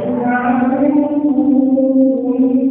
Thank you.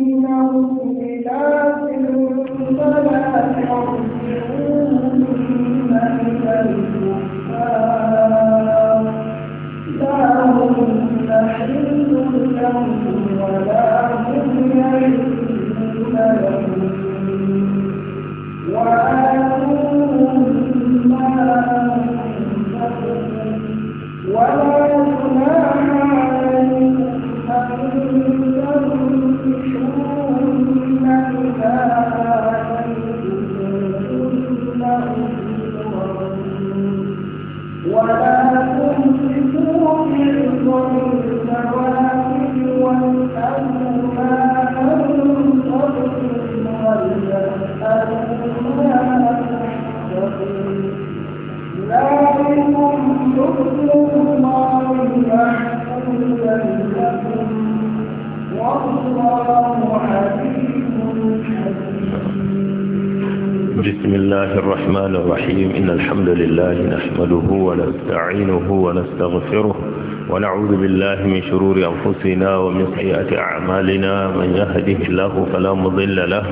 أنفسنا ومن سيئة أعمالنا من يهده الله فلا مضل له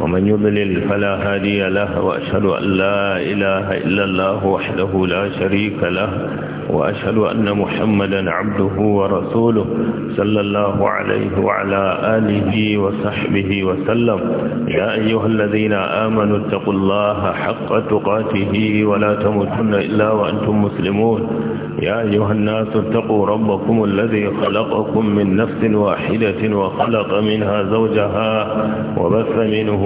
ومن يضلل فلا هادي له وأشهد أن لا إله إلا الله وحده لا شريك له وأشهد أن محمدا عبده ورسوله صلى الله عليه وعلى آله وصحبه وسلم يا أيها الذين آمنوا اتقوا الله حق تقاته ولا تموتن إلا وأنتم مسلمون يا أيها الناس اتقوا ربكم الذي خلقكم من نفس واحدة وخلق منها زوجها وبث منه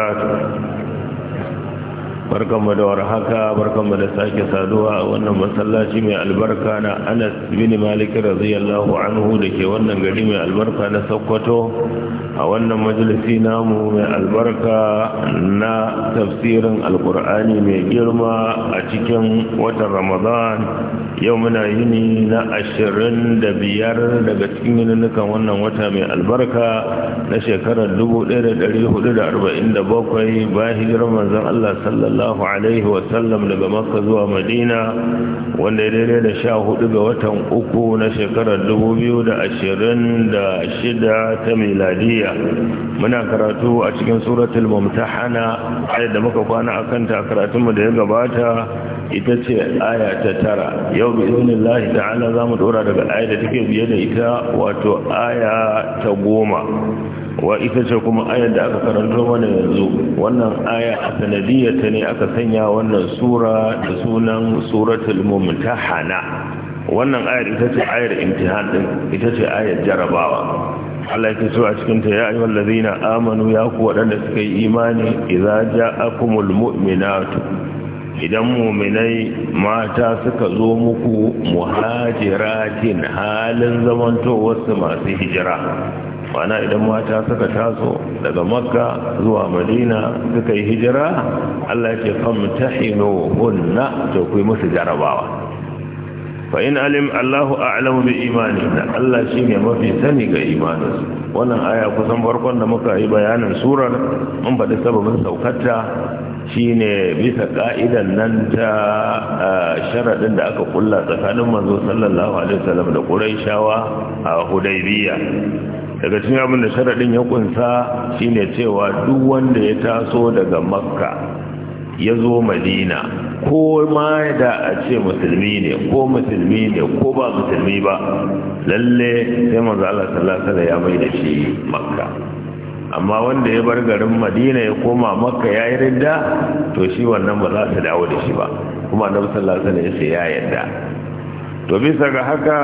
bukata barkanmu da warhaka barkanmu da sake saduwa a wannan masallaci mai albarka na Anas bin Malik radiyallahu anhu da ke wannan gari mai albarka na Sokoto a wannan majalisi namu mai albarka na tafsirin Alkur'ani mai girma a cikin watan Ramadan yau muna yini na ashirin da biyar daga cikin yininukan wannan wata mai albarka na shekarar 1447 bayan hijirar manzon Allah sallallahu sallallahu alaihi wasallam daga makka zuwa madina wanda ya daidai da sha hudu ga watan uku na shekarar dubu biyu da ashirin da shida ta miladiya muna karatu a cikin suratul mumtahana ayat da muka kwana a kanta a karatunmu da ya gabata ita ce aya ta tara yau bi iznillahi ta'ala za mu dora daga aya da take biye da ita wato aya ta goma wa ita ce kuma ayar da aka karanto mana yanzu wannan aya a ta ne aka sanya wannan sura da sunan suratul mumtahana wannan ayar ita ce ayar imtihan din ita ce ayar jarabawa Allah yake so a cikin ta ya ayyuhal ladina amanu ya ku wadanda suka yi imani idza ja'akumul mu'minatu idan mu'minai mata suka zo muku muhajiratin halin wasu masu hijira mana idan mata suka taso daga makka zuwa madina suka yi hijira allah ce famtahino hunna to ku musu jarabawa fa in alim allahu a'lamu bi imani allah shine mafi sani ga imaninsu wannan aya kusan farkon da muka yi bayanin surar mun faɗi sababin saukarta shine bisa ka'idan nan ta sharaɗin da aka kulla tsakanin manzo sallallahu alaihi wasallam da shawa a hudaybiya daga cikin abin da sharaɗin ya kunsa shine cewa duk wanda ya taso daga makka ya zo madina ko ma da a ce musulmi ne ko musulmi ne ko ba musulmi ba lalle sai manzo Allah sallallahu alaihi ya mai da shi makka amma wanda ya bar garin madina ya koma makka ya yi ridda to shi wannan ba za su dawo da shi ba kuma annabi sallallahu alaihi wasallam ya yarda to bisa ga haka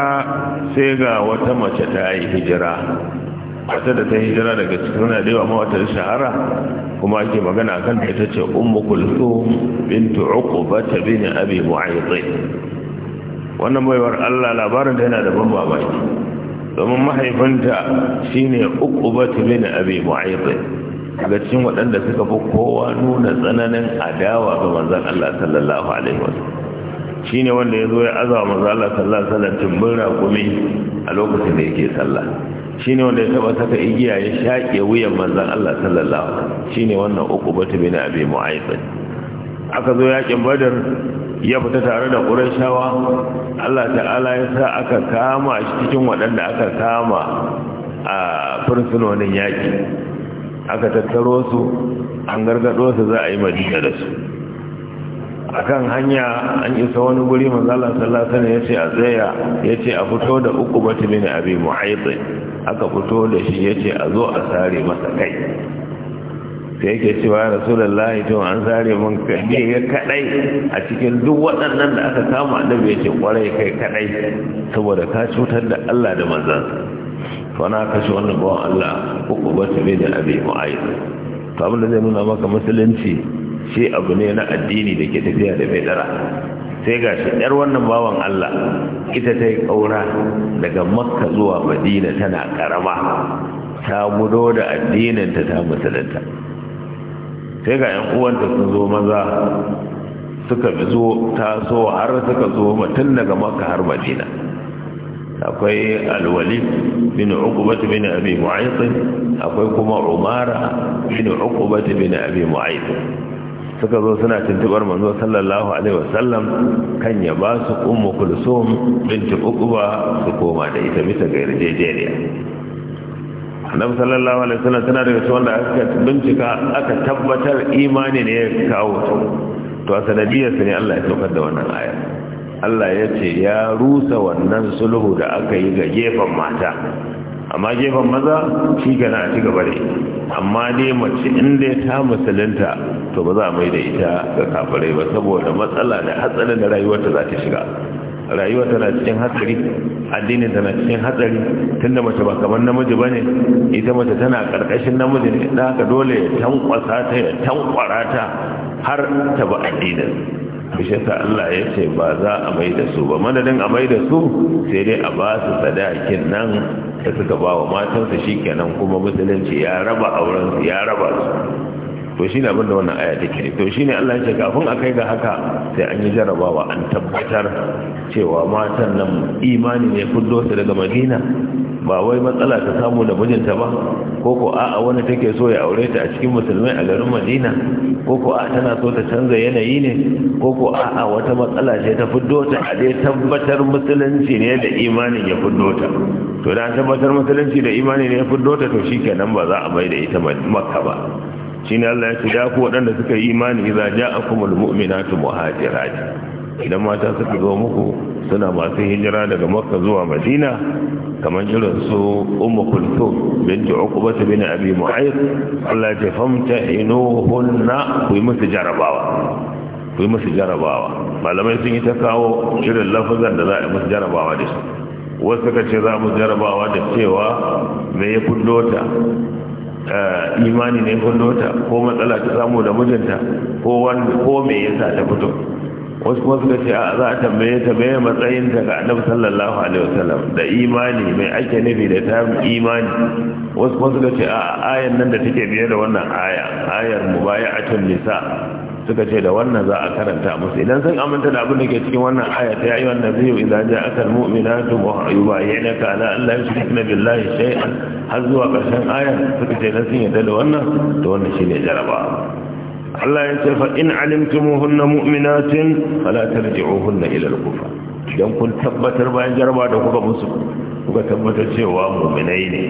sai ga wata mace ta yi hijira matar da ta hijira daga cikin na da yawa mawatar shahara kuma ake magana a kan ita ce ummu kulthum bintu uqba ta bin abi mu'ayyid wannan baiwar Allah labarin da yana da ban mamaki domin mahaifinta shine uqba ta bin abi mu'ayyid daga cikin waɗanda suka fi kowa nuna tsananin adawa ga manzon Allah sallallahu alaihi wasallam shi ne wanda ya zo ya azawa manzo Allah sallallahu alaihi wasallam timbin raƙumi a lokacin da yake sallah Shi ne wanda ya taba saka igiya ya shaƙe wuyan manzan Allah sallallahu alaihi ne wannan uku uqubatu bin abi mu'ayyid aka zo yakin badar ya fita tare da shawa Allah ta'ala ya sa aka kama shi cikin waɗanda aka kama a fursunonin yaƙi, aka tattaro su an gargaɗo su za a yi madina da su A kan hanya an isa wani guri manzala Sallasana ya ce a tsaya ya ce a fito da uku bata bin abi muhaiti aka fito da shi ya ce a zo a sare masa kai sai yake cewa rasulullahi to an sare mun kaɗe ya kaɗai a cikin duk waɗannan da aka kama annabi ya ce ƙwarai kai kaɗai saboda ka cutar da Allah da manzansa to na kashe wannan bawan Allah uku ba ta da abi mu'ayyid to abin da zai nuna maka musulunci shi abu ne na addini da ke tafiya da mai dara sai ga shi yar wannan bawan Allah ita ta yi ƙaura daga makka zuwa madina tana ƙarama ta gudo da addininta ta musulunta sai ga 'yan uwanta sun zo maza suka zo so har suka zo mutum daga makka har madina akwai alwali bin uqbat bin abi mu'ayth akwai kuma umara bin uqbat bin abi mu'ayth suka zo suna tuntubar manzo sallallahu alaihi wasallam kan ya ba su ummu kulsum binti uquba su koma da ita bisa ga yarjejeniya annabi sallallahu alaihi wasallam tana da wasu wanda aka bincika aka tabbatar imani ne ya kawo to a sanadiyar ne Allah ya saukar da wannan aya Allah ya ce ya rusa wannan sulhu da aka yi ga gefen mata amma gefen maza shi gana a ci gaba da amma dai mace inda ta musulunta to ba za a mai da ita ga kafirai ba saboda matsala da hatsarin da rayuwarta za ta shiga rayuwa tana cikin hatsari addinin tana cikin hatsari tunda mace ba kamar namiji ba ne ita mace tana karkashin namiji ne da haka dole ya tankwasa ta ya tankwara ta har ta ba addinin bishata Allah ya ce ba za a mai da su ba madadin a mai da su sai dai a ba su sadakin nan da suka ba wa matansa shi kenan kuma musulunci ya raba aurensu ya raba su to shi ne abinda wannan aya take to shi ne Allah ce kafin a kai ga haka sai an yi jarabawa an tabbatar cewa matan nan imani ne fuddo su daga madina ba wai matsala ta samu da mijinta ba ko ko a'a wani take so ya aure ta a cikin musulmai a garin madina ko ko a'a tana so ta canza yanayi ne ko ko a'a wata matsala ce ta fuddo ta a dai tabbatar musulunci ne da imanin ya fuddo ta to da tabbatar musulunci da imani ne ya fuddo ta to shikenan ba za a bai da ita makka ba shine Allah ya ce da ku waɗanda suka yi imani idza ja'akumul mu'minatu muhajirat idan mata suka zo muku suna masu hijira daga makka zuwa madina kamar irin su ummu kulthum binti Uqba bin abi mu'ayth Allah ya famta inuhunna ku yi musu jarabawa ku yi musu jarabawa malamai sun yi ta kawo irin lafazan da za a yi musu jarabawa da su wasu suka za mu jarabawa da cewa me ya kullo Eh, imani ne kundota ko matsala ta samu da mijinta ko wani ko me yasa ta fito wasu kuma suka ce za a tambaye ta me matsayin ta ga annabi sallallahu alaihi wasallam da imani mai ake nufi da ta imani wasu kuma suka ce a ayan nan da take biye da wannan aya ayar mubaya'atun nisa suka ce da wannan za a karanta musu idan sun aminta da abin da ke cikin wannan aya ta yayi wannan biyu idan ja aka mu'minatu wa yubayyinaka ala an la yushrikna billahi shay'an har zuwa karshen aya suka ce da sun yadda da wannan to wannan shine jaraba Allah ya ce fa in alimtumuhunna mu'minatin fala tarji'uhunna ila al-kufr idan kun tabbatar bayan jaraba da kuka musu kuka tabbatar cewa mu'minai ne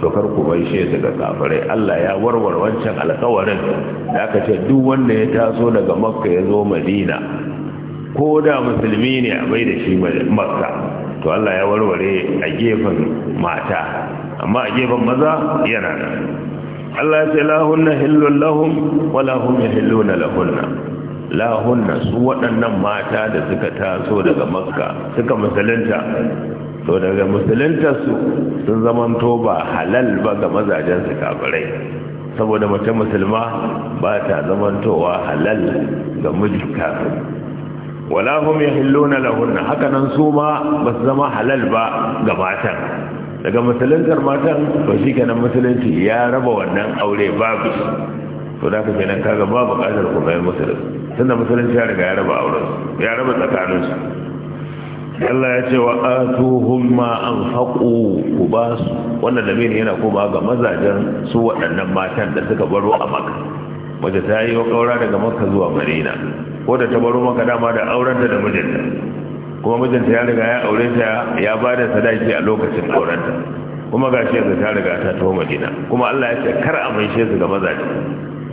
to kar ku baishe su ga kafirai Allah ya warware wancan alƙawarin da aka ce duk wanda ya taso daga makka ya zo madina ko da musulmi ne a bai da shi makka to Allah ya warware a gefen mata amma a gefen maza yana nan Allah ya ce lahunna hillun lahum wala hum yahilluna lahunna lahunna su waɗannan mata da suka taso daga makka suka musulunta to daga musuluntarsu sun zamanto ba halal ba ga mazajensu kafirai saboda mace musulma ba ta zamantowa halal ga miji kafin wala ya yahilluna lahunna hakanan su ma ba su zama halal ba ga matan daga musuluntar matan ba shi kenan musulunci ya raba wannan aure babu to da ka kenan kaga ba buƙatar ku bayan musulun tunda musulunci ya riga ya raba auren ya raba tsakaninsu Allah ya ce wa atuhum ma anfaqu ku ba su wannan lamiri yana koma ga mazajen su waɗannan matan da suka baro a maka. Wace ta yi kaura daga Makka zuwa Madina ko da ta baro maka dama da aurenta da mijinta kuma mijinta ya riga ya aure ta ya ba da sadaki a lokacin aurenta kuma gashi yanzu ta riga ta taho Madina kuma Allah ya ce kar a mai su ga mazaje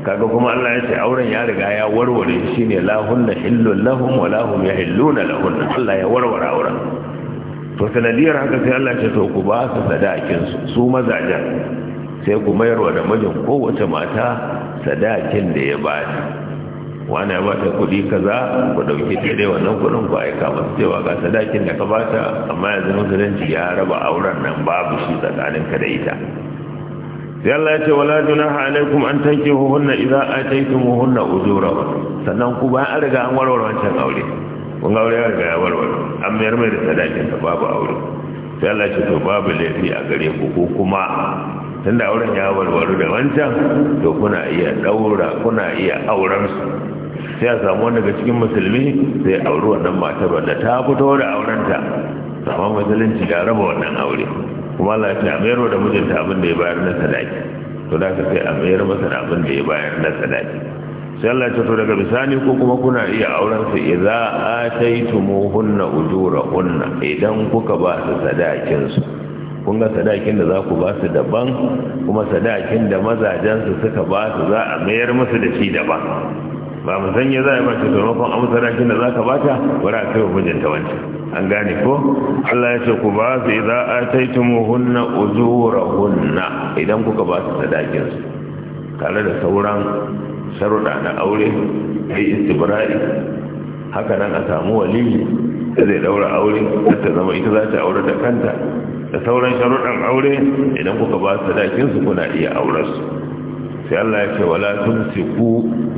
kaga kuma Allah ya ce auren ya riga ya warware shine ne hunna illul lahum wa lahum yahilluna lahunna Allah ya warware auren to sanadiyar haka sai Allah ce to ku ba su sadakin su su mazajen sai ku mayar wa mijin kowace mata sadakin da ya ba ta wani ya bata kuɗi kaza ku ɗauki daidai wannan kuɗin ku aika masu cewa ga sadakin da ka bata amma yanzu musulunci ya raba auren nan babu shi ka da ita sai Allah ya ce wala junaha alaikum an hunna idza hunna ujurahunna sannan ku ba an riga an warware wancan aure kun ga aure ya riga ya warware an mayar mai da sadakin ta babu aure sai Allah ya ce to babu laifi a gare ku ko kuma tunda auren ya warware da wancan to kuna iya daura kuna iya auren su sai a samu wani daga cikin musulmi sai auri wannan matar da ta fito da aurenta sama musulunci ya raba wannan aure kuma Allah ya ce a mayar da mijinta abin da ya bayar na sadaki to da ka sai a mayar masa da abin da ya bayar na sadaki sai Allah ce to daga bisani ko kuma kuna iya auren su idza ataytumuhunna ujurahunna idan kuka ba su sadakin su kun ga sadakin da za ku ba su daban kuma sadakin da mazajen su suka ba su za a mayar musu da shi daban ba mu san za a bata da mafan amsa da da za ka bata bari a kai wa ta wancan an gane ko Allah ya ce ku ba su idza ataytumuhunna hunna idan kuka ba su sadakin su tare da sauran sharuɗa na aure ai istibra'i haka nan a samu walili da zai daura aure ta zama ita za ta aure da kanta da sauran sharuɗan aure idan kuka ba su sadakin su kuna iya auren su sai Allah ya ce wala tumsiku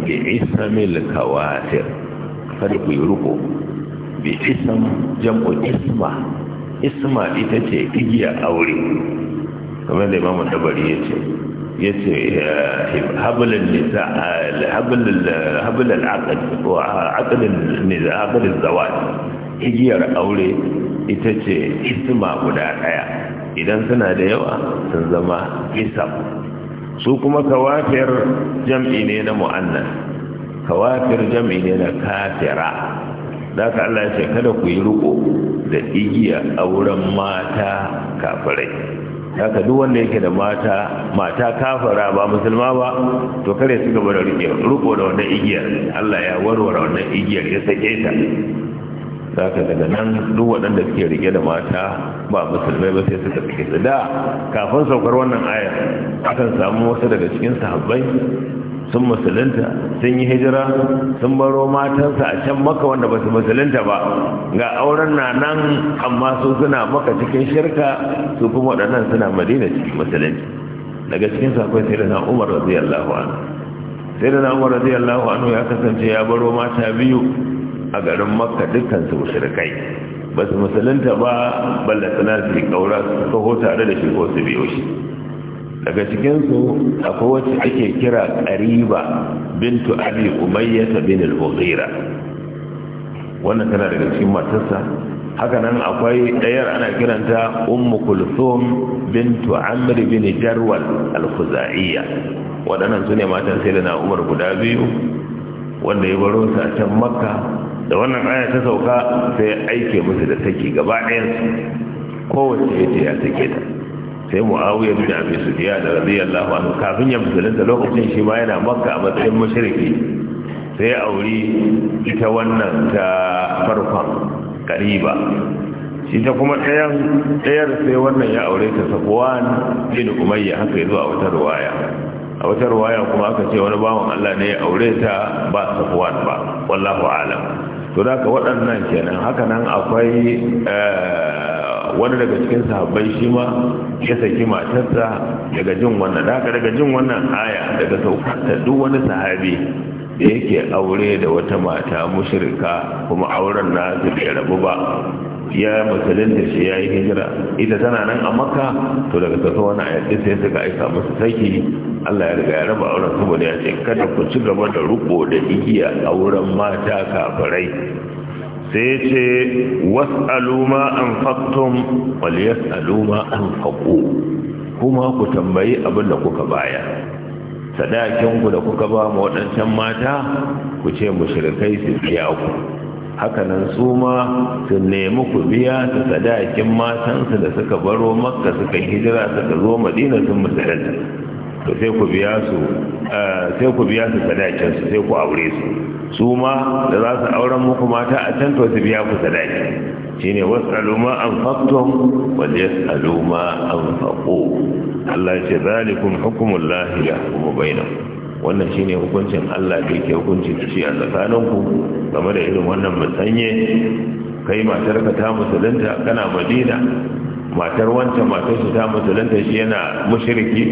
bi isamil kawatir kada ku yi ruko bi isam jam'u isma isma ita ce igiya aure kamar da imamu dabari ya ce ya ce eh, hablin nisa hablin aqad wa aqadin nisa zawad igiyar aure ita ce isma guda daya idan suna da yawa sun zama isam su kuma kawafir jam'i ne na mu'annas kawafir jam'i ne na kafira da ka Allah ya ce kada ku yi riko da igiya a wurin mata kafirai haka duk wanda yake da mata mata kafara ba musulma ba to kare su gaba da riko da wannan igiyar Allah ya warware wannan igiyar ya sake ta da daga nan duk waɗanda suke rike da mata ba musulmai ba sai suka rike da da kafin saukar wannan ayar akan samu wasu daga cikin sahabbai sun musulunta sun yi hijira sun baro matansa a can maka wanda ba su musulunta ba ga auren na nan amma su suna maka cikin shirka su kuma waɗannan suna madina cikin musulunci daga cikin sakwai sai da na umar radiyallahu anhu sai da na umar radiyallahu anhu ya kasance ya baro mata biyu a garin makka dukkan su mushrikai ba su musulunta ba ballatana su yi kaura su kaho tare da shi ko su biyo shi daga cikinsu akwai wacce ake kira ƙariba bintu abi umayyata bin al-mughira wannan tana daga cikin matarsa nan akwai ɗayar ana kiranta ummu kulthum bintu amr bin jarwal al-khuzaiya waɗannan sune matan sai da na umar guda biyu wanda ya baro su can makka da wannan aya ta sauka sai aike musu da saki gaba ɗayan kowace yadda ya sake ta sai mu'awiyar abin su sufiya da radiyallahu anhu kafin ya musulunta lokacin shi ma yana makka a matsayin mushriki sai auri ita wannan ta farkon kariba shi ta kuma ɗayan ɗayar sai wannan ya aure ta sakuwan bin umayya haka ya zuwa wata ruwaya a wata ruwaya kuma aka ce wani bawan Allah ne ya aure ta ba safuwan ba wallahu alam to da ka waɗannan kenan hakanan akwai eh, wani daga cikin sahabbai shi ma ya saki matarsa daga jin wannan da ka daga jin wannan aya daga saukarta duk wani sahabi da yake aure da wata mata mushirka kuma auren na bai rabu ba ya da shi ya yi hijira ita tana nan a makka to daga tafi wani a yadda sai suka aika masu saki allah ya riga ya raba auren saboda ya ce kada ku ci gaba da rubo da igiya a wurin mata kafirai sai ce wasu ma an faktum waliyas aluma an faku kuma ku tambayi abin da kuka baya sadakinku da kuka ba ma waɗancan mata ku ce mu mushrikai su biya ku hakanan su ma su nemi ku biya su sadakin matansu da suka baro makka suka hijira suka zo madina sun to sai ku biya su eh, sai ku biya sadakin su sai ku aure su su ma da za su auren muku mata a can to su biya ku sadaki shine wasalu ma anfaqtum wa yasalu ma anfaqu Allah ya ce zalikum ya hukumu bainakum wannan shi ne hukuncin Allah da yake hukunci shi a tsakaninku game da irin wannan musanye kai matarka ta musulunta kana madina matar wancan matar su ta musulunta shi yana mushiriki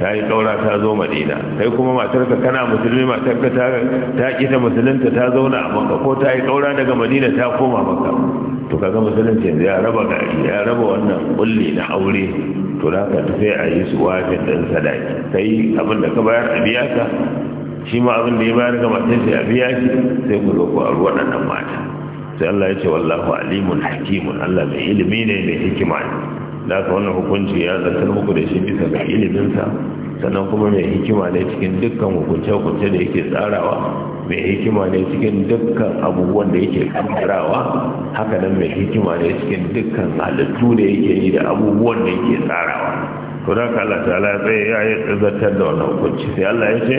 ta yi ƙaura ta zo madina kai kuma matarka kana musulmi matarka ta ta kita musulunta ta zauna a maka ko ta yi ƙaura daga madina ta koma maka to kaga musulunci ya raba gari ya raba wannan kulli na aure to da ka sai a yi wafin ɗan sadaki kai abin da ka bayar a biya ka shi ma abin da ya bayar ga matan sai a biya ki sai ku zo ku auri waɗannan mata sai Allah ya ce wallahu alimun hakimun Allah mai ilimi ne mai hikima ne da ka wannan hukunci ya zartar muku da shi bisa ga iliminsa sannan kuma mai hikima ne cikin dukkan hukunce-hukunce da yake tsarawa mai hikima ne cikin dukkan abubuwan da yake kamarawa haka nan mai hikima ne cikin dukkan halittu da yake yi da abubuwan da yake tsarawa to da ka Allah ta'ala sai ya yi tsazartar da wannan hukunci sai Allah ya ce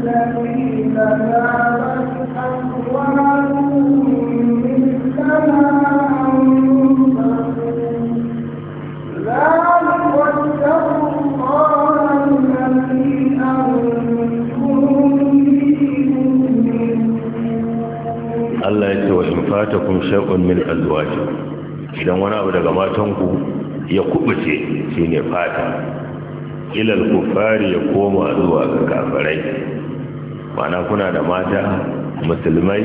Thank you. fatakum shay'un min azwajikum idan wani abu daga matanku ya kubuce shine fata ilal kufari ya koma zuwa ga kafirai mana kuna da mata musulmai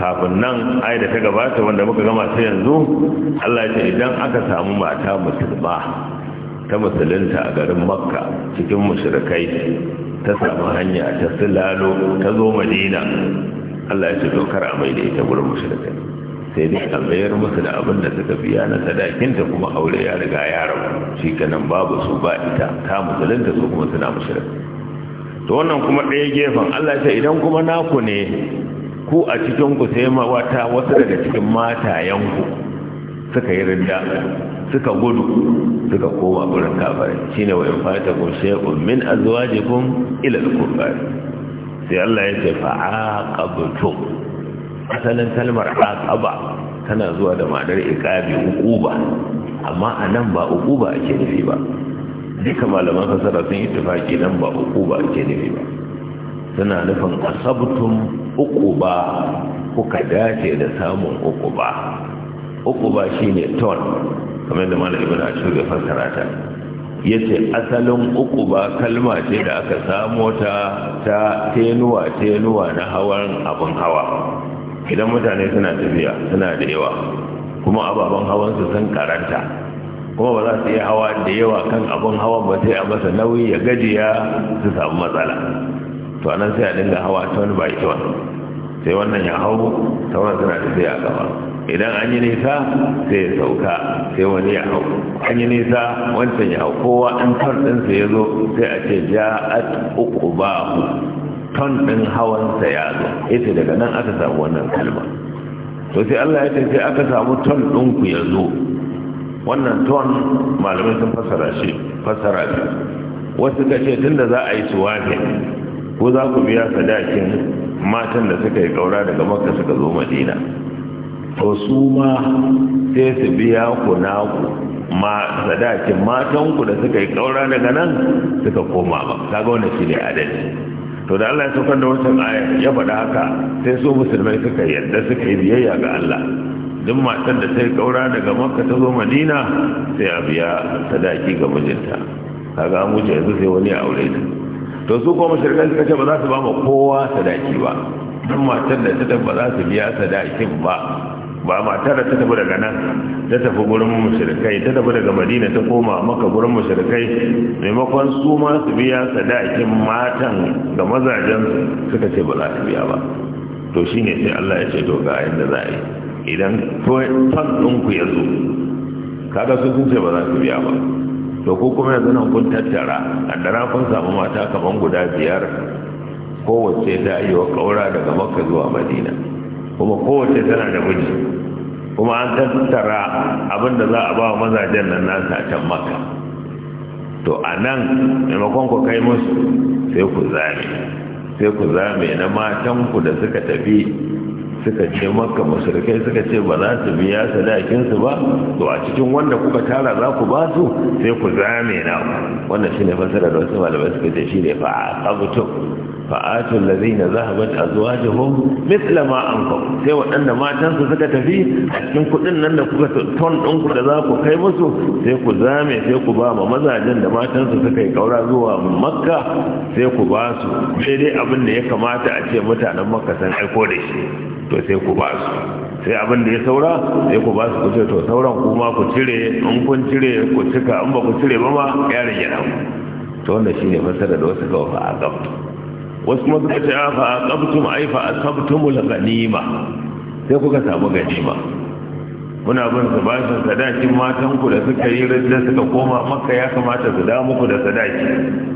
kafin nan ai da ta gabata wanda muka gama ta yanzu Allah ce idan aka samu mata musulma ta musulunta a garin makka cikin mushrikai ta samu hanya ta silalo ta zo madina Allah ya ce dokar a mai da ita gurin mushrikai sai dai a mayar musu da abin da suka biya na sadakinta kuma aure ya riga ya rabu shi kanan babu su ba ita ta musulunta su kuma suna mushrikai to wannan kuma ɗaya gefen Allah ya ce idan kuma naku ne ku a cikin ku sai wata wasu daga cikin matayenku suka yi rinda suka gudu suka koma gurin kafare, shine wa in fata kun shay'un min azwajikum ila al kufar sai Allah ya ce fa'aqabtu asalin kalmar aqaba tana zuwa da ma'anar iqabi uquba amma anan ba uquba ake nufi ba duka malaman fasara sun yi tafaki nan ba uquba ake nufi ba suna nufin asabtum uquba kuka dace da samun uquba uquba shine ton kamar da malamin ibnu ashur ya fassara ta ya ce asalin uku ba kalma ce da aka samo ta ta tenuwa tenuwa na hawan abin hawa idan mutane suna tafiya suna da yawa kuma ababen hawansu sun karanta kuma ba za su iya hawa da yawa kan abin hawan ba sai a masa nauyi ya gajiya su samu matsala to anan sai a dinga hawa ton by ton sai wannan ya hau wannan suna tafiya gaba idan an yi nisa sai ya sauka sai wani ya hau an yi nisa wancan ya hau kowa an ton ɗinsa ya zo sai a ce ja'at uku ku ton ɗin hawansa ya zo ita daga nan aka samu wannan kalma to sai Allah ya ce sai aka samu ton ɗinku ya zo wannan ton malamai sun fassara shi fassara shi wasu ka ce tunda za a yi suwafi ko za ku biya sadakin matan da suka yi ƙaura daga makka suka zo madina to su ma sai su biya ku na ku ma sadakin matanku da suka yi kaura daga nan suka koma ba kaga wannan shi ne adalci to da Allah ya saukar da wancan aya ya faɗa haka sai su musulmai suka yarda suka yi biyayya ga Allah duk matan da ta yi kaura daga makka ta zo madina sai a biya sadaki ga mijinta kaga an wuce yanzu sai wani aure ta to su kuma shirkan suka ce ba za su ba ma kowa sadaki ba duk matan da ta ba za su biya sadakin ba ba matar da ta tafi daga nan ta tafi gurin musulkai ta tafi daga madina ta koma maka gurin musulkai maimakon su ma su biya sadakin matan ga mazajen suka ce ba za su biya ba to shi ne sai Allah ya ce to ga yadda za a yi idan fan ɗinku ya zo kaga su sun ce ba za su biya ba to ko kuma yanzu nan kun tattara a kun samu mata kamar guda biyar kowace ta yi wa ƙaura daga makka zuwa madina kuma kowace tana da miji kuma an tattara abin da za a ba wa mazajen nan nasa a can maka to a nan maimakon ku kai musu sai ku zame sai ku zame na matanku da suka tafi suka ce maka musulkai suka ce ba za su biya sadakinsu ba to a cikin wanda kuka tara za ku ba su sai ku zame na wannan shine fasarar wasu malamai suka ce shine fa a fa'atu a zahabat zuwa jihun ma anfaqu sai waɗanda matan su suka tafi a cikin kuɗin nan da kuka ton ɗin da za ku kai musu sai ku zame sai ku ba ma mazajen da matan su suka yi ƙaura zuwa makka sai ku ba su dai abin da ya kamata a ce mutanen makka san aiko da shi to sai ku ba su sai abin da ya saura sai ku ba su ku ce to sauran kuma ku cire in kun cire ku cika in ba ku cire ba ma ya rage namu to wannan shine fasara da wasu kawafa a gaba wasu kuma suka ce fa aqabtum ay fa asabtumul ghanima sai kuka samu ganima muna bin su bashin sadakin matan ku da suka yi rajda suka koma makka ya kamata su da muku da sadaki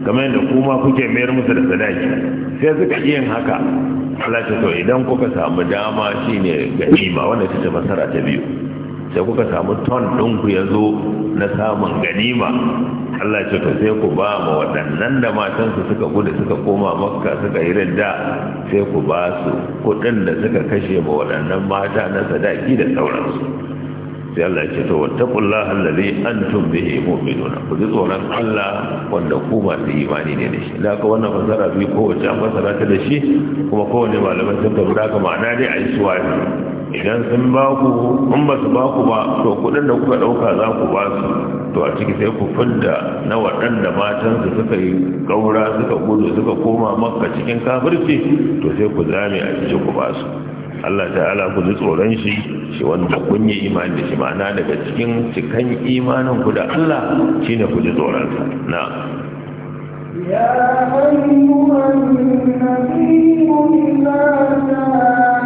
kamar yadda kuma kuke mayar musu da sadaki sai suka yin haka Allah to idan kuka samu dama shine ganima wanda ta fasara ta biyu da kuka samu ton ɗin ku ya zo na samun ganima Allah ce sai ku ba ma waɗannan da matansu suka gudu suka koma makka suka yi ridda sai ku ba su kuɗin da suka kashe ma waɗannan mata na sadaki da sauransu sai Allah ce to wattaqullaha allazi antum bihi mu'minuna ku ji tsoron Allah wanda ku masu imani ne da shi da ka wannan fasara bi kowace fasara ta da shi kuma kowane malamin sun tabbata ka ma'ana dai a yi suwari idan sun ba ku in ba su ba ku ba to kudin da kuka dauka za ku ba su to a ciki sai ku fidda na waɗanda matansu suka yi gaura suka gudu suka koma makka cikin kafirci to sai ku zame a cikin ku ba su Allah ta'ala ku ji tsoron shi shi wanda kun yi imani da shi ma'ana daga cikin cikan imanin ku da Allah shine ku ji tsoron sa na يا أيها النبي لا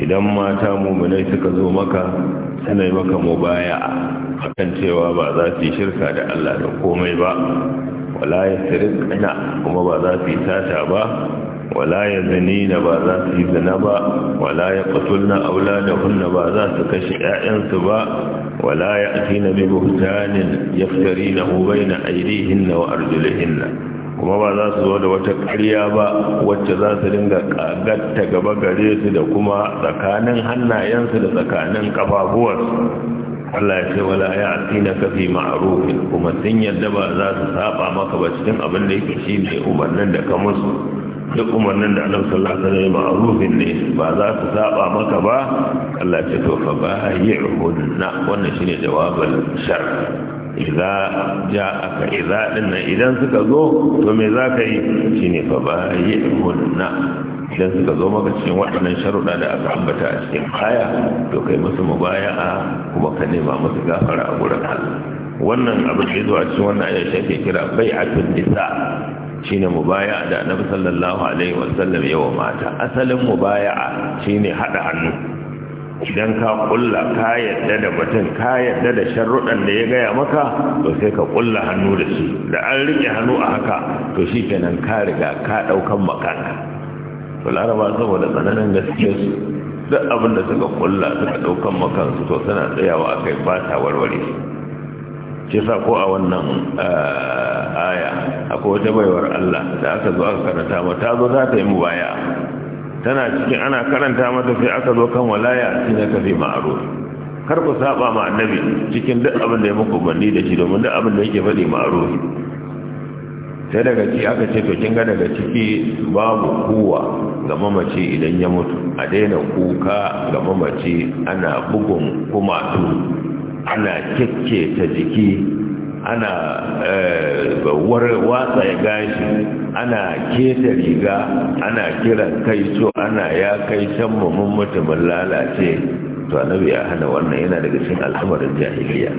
idan mata muminai suka zo maka suna yi maka mubaya'a akan cewa ba za su yi shirka da Allah da komai ba wala ya sirikna kuma ba za su yi sata ba wala ya zanina ba za su yi zina ba wala ya da auladahunna ba za su kashe 'ya'yansu ba wala ya atina bi buhtanin yaftarinahu bayna aydihinna wa arjulihinna kuma ba za su zo da wata ƙarya ba wacce za su dinga ƙagatta gaba gare su da kuma tsakanin hannayensu da tsakanin ƙafafuwarsu Allah ya ce wala ya asina ka fi ma'rufin kuma sun yadda ba za su saba maka ba cikin abin da yake shi ne umarnin da ka musu duk umarnin da Annabi sallallahu alaihi wasallam ma'rufin ne ba za su saba maka ba Allah ya ce to fa ba bayyihunna wannan shine jawabin sharri idza aka idza nan idan suka zo to me za ka yi Shi ne fa bayyihunna idan suka zo maka cikin waɗannan sharuɗa da aka ambata a cikin kaya to kai musu mubaya'a kuma ka nema musu gafara a gurin Allah wannan abin da ya a cikin wannan ayar shi ake kira bai'atul nisa shine mubaya'a da Annabi sallallahu alaihi wasallam wa mata asalin mubaya'a shine hada hannu idan ka kulla ka yadda da batun ka yadda da sharruɗan da ya gaya maka to sai ka kulla hannu da shi da an rike hannu a haka to shi kenan ka riga ka ɗaukan makanka to laraba saboda tsananin gaskiya su duk abin da suka kulla suka ɗaukan su to suna tsayawa a kai ba ta warware shi sa ko a wannan eh, aya akwai wata baiwar Allah da aka zo aka karanta mata zo za ta yi mu baya. tana cikin ana karanta mata sai aka zo kan walaya shine ka bi ma'ruf kar ku saba ma annabi cikin duk abin da ya muku banni da shi domin duk abin da yake faɗi ma'ruf sai daga ci aka ce to kin ga daga ciki babu kuwa ga mamaci idan ya mutu a daina kuka ga mamaci ana bugun kuma kumatu ana ta jiki ana eh, watsa gashi ana keta riga ana kiran kai so ana ya kai can mummun mutumin lalace to annabi ya hana wannan yana daga cikin al'amarin jahiliya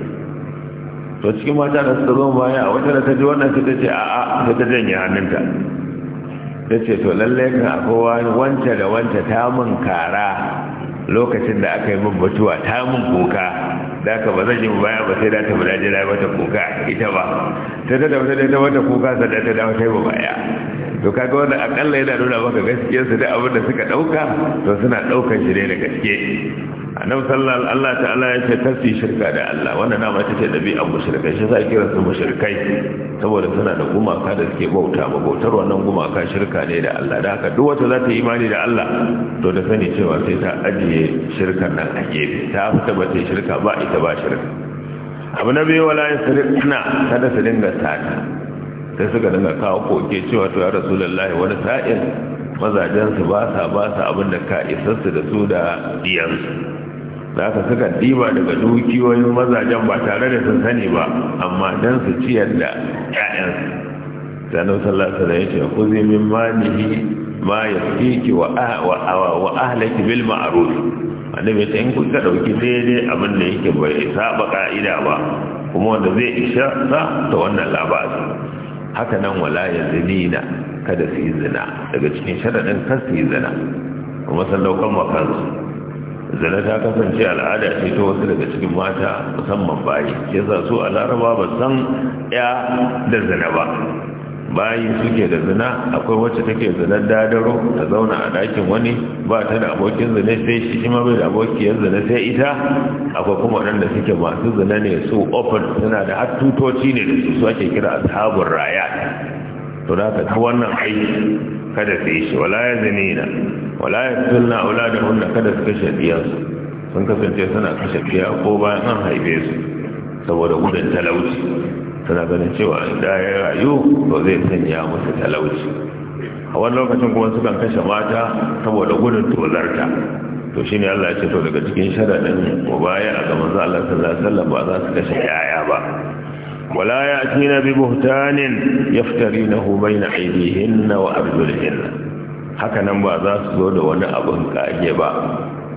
to cikin mata da su zo baya a wata da ta ji wannan ta ce a a ta ta janye hannunta ta ce to lallai kan akwai wancan da wancan ta mun kara lokacin da aka yi min mutuwa ta mun kuka da haka ba zan yi mu baya ba sai da ta mu daji na mata kuka ita ba sai ta da mata ta mata kuka da ta dawo ta yi mu baya to kaga wanda akalla yana nuna maka gaskiyar su da abin da suka ɗauka to suna ɗaukan shi ne da gaske annabi sallallahu Allah ta'ala ya ce kasi shirka da Allah wannan nama ita ce dabi'a mushrikai shi sa kira su mushrikai saboda suna da gumaka da suke bauta ba bautar wannan gumaka shirka ne da Allah da haka duk wata za ta yi imani da Allah to da sani cewa sai ta ajiye shirkan nan a gefe ta fita ba ta shirka ba ita ba shirka abu na biyu wala yasrikna kada su dinga sata sai suka dinga kawo koke cewa to ya rasulullahi wani sa'in mazajensu ba sa ba sa abin ka isarsu da su da su. za ka suka diba daga dukiyoyin mazajen ba tare da sun sani ba amma don su ciyar da 'ya'yansu sannan sallasa da ya ce ku zai min manihi ma ya fiki wa ahalaki bil ma'aruf annabi ta in kuka ɗauki daidai abin da yake bai saba ka'ida ba kuma wanda zai isha sa ta wannan labarin haka nan wala ya kada su yi zina daga cikin sharaɗin kan su yi zina kuma sun ɗaukan makansu zina ta kasance al'ada ce ta wasu daga cikin mata musamman bayi ya sa su a laraba ba san ya da zina ba bayi suke da zina akwai wacce take zinar dadaro ta zauna a ɗakin wani ba ta da abokin zina sai shi shi ma bai da abokiyar zina sai ita akwai kuma waɗanda suke masu zina ne su open suna da hattutoci ne da su su ake kira sabon raya to da wannan aiki kada su shi ya na wala da auladahunna kada su kashe diyansu sun kasance suna kashe diya ko bayan an haife su saboda gudun talauci suna ganin cewa da ya rayu to zai sanya musu talauci a wani lokacin kuma sukan kashe mata saboda gudun tozarta to ne Allah ce to daga cikin sharadin ko baya a gaban Allah sallallahu alaihi wasallam ba za su kashe yaya ba wala ya'tina bi yaftari na bayna aydihinna wa arjulihinna Hakanan ba za su zo da wani abin kage ba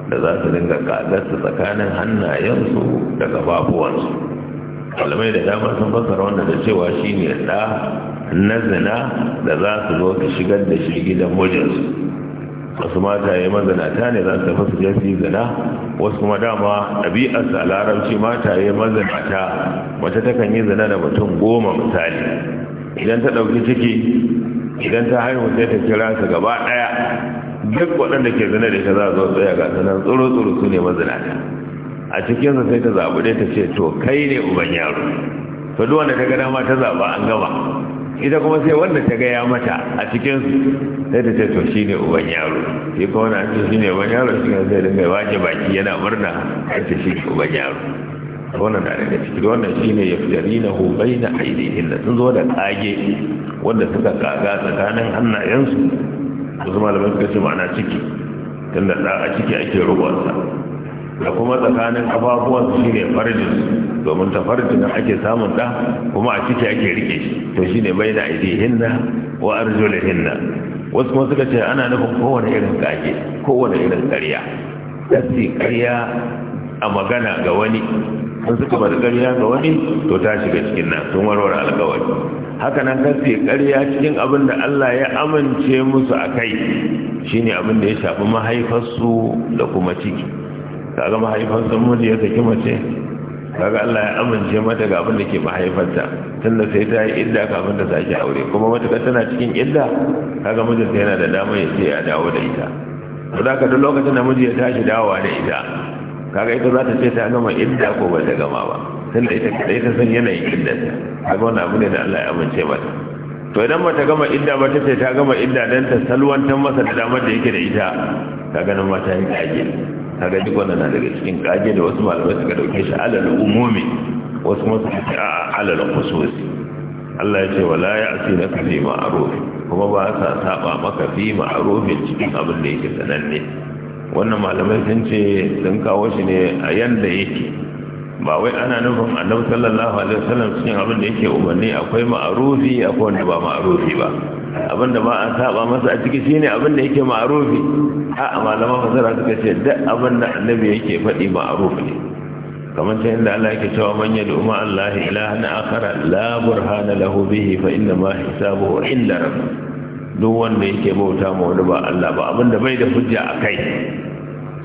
da za su dinga kagarsu tsakanin hannayensu da gabafuwansu kalmai da dama sun fasara wanda da cewa shi ne ɗa na zina da za su zo su shigar da shi gidan mujinsu wasu mata yi mazinata ne za su tafi su zina wasu kuma dama ɗabi'arsu a larabci mata yi mazinata mace takan yi zina da mutum goma misali idan ta ɗauki ciki idan ta haihu sai ta kira su gaba ɗaya duk waɗanda ke zina da ita za a zo tsaya ga sanan tsoro tsoro su ne mazinata a cikinsa sai ta zaɓi dai ta ce to kai ne uban yaro to duk wanda ta ga dama ta zaɓa an gama ita kuma sai wanda ta gaya mata a cikinsu sai ta ce to shi ne uban yaro shi kuma na ce shi ne uban yaro shi sai dinga wace baki yana murna a ce shi uban yaro wannan na daga ciki wannan shine ya fiyari na hobai na aidihin inda sun zo da tsage wanda suka kaga tsakanin hannayensu wasu malamai suka ce ma'ana ciki tun da a ciki ake rubuta. da kuma tsakanin ababuwan shi ne farjin domin ta farjin ake samun da kuma a ciki ake rike shi to shi ne bai da aidihin hinna wa arjulihin hinna wasu kuma suka ce ana nufin kowane irin kage kowane irin ƙarya tassi ƙarya a magana ga wani sun suka bar ƙarya ga wani to ta shiga cikin nan sun warware alƙawari haka nan kan sai ƙarya cikin abin da Allah ya amince musu a kai shine abin da ya shafi mahaifarsu da kuma ciki kaga mahaifar sun mu ya saki mace kaga Allah ya amince mata ga abin da ke mahaifarta tunda sai ta yi idda kafin ta sake aure kuma matuƙar tana cikin idda kaga mijinta yana da dama ya ce ya dawo da ita to da ka duk lokacin da miji ya tashi dawowa da ita kaga ita za ta ce ta gama inda ko ba ta gama ba tun da ita kadai ta san yanayin inda ta kaga wani abu ne da Allah ya amince mata to idan ba ta gama inda ba ta ce ta gama inda dan ta salwantar masa da damar da yake da ita kaga nan mata yi kage kaga duk wannan na daga cikin kage da wasu malamai suka dauke shi alal umumi wasu kuma suka ce a alal khususi Allah ya ce wala ya na fi ma'ruf kuma ba sa saba maka fi ma'rufin cikin abin da yake sananne wannan malamai sun ce sun kawo shi ne a yanda yake ba wai ana nufin annabi sallallahu alaihi wasallam cikin abin da yake umarni akwai ma'arufi akwai wanda ba ma'arufi ba abin da ba a saba masa a ciki shine abin da yake ma'arufi a malaman fasara suka ce duk abin da annabi yake faɗi ma'aruf ne kamar ta inda Allah yake cewa man yadu ma Allah ilahan akhara la burhana lahu bihi fa inna ma hisabuhu inda rabbih duk wanda yake bauta ma wani ba Allah ba abinda bai da hujja a kai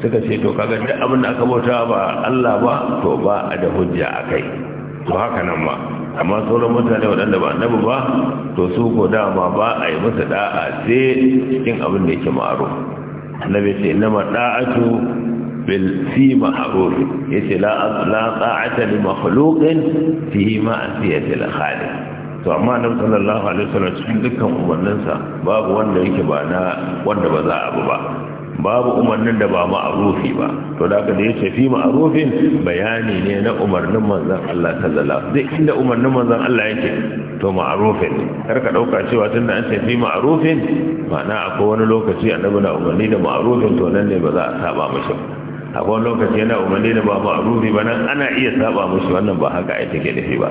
suka ce to kaga duk abin da aka bauta ba Allah ba to ba da hujja akai to haka nan ma amma sauran mutane waɗanda ba annabi ba to su ko dama ba a yi masa da'a sai cikin abin da yake ma'ruf annabi ce ma da'atu bil fi ma'ruf yace la la ta'ata li makhluqin fi ma'siyati al khaliq to amma nan sallallahu alaihi wasallam cikin dukkan umarninsa babu wanda yake ba na wanda ba za a abu ba babu umarnin da ba ma'arufi ba to da aka da ya ce fi ma'arufin bayani ne na umarnin manzan Allah sallallahu zai inda umarnin manzan Allah yake to ma'arufin kar ka dauka cewa tunda an ce fi ma'arufin ma'ana akwai wani lokaci annabi na umarni da ma'arufin to nan ne ba za a saba mishi akwai wani lokaci yana umarni da ba ma'arufi ba nan ana iya saba mishi wannan ba haka ake take da shi ba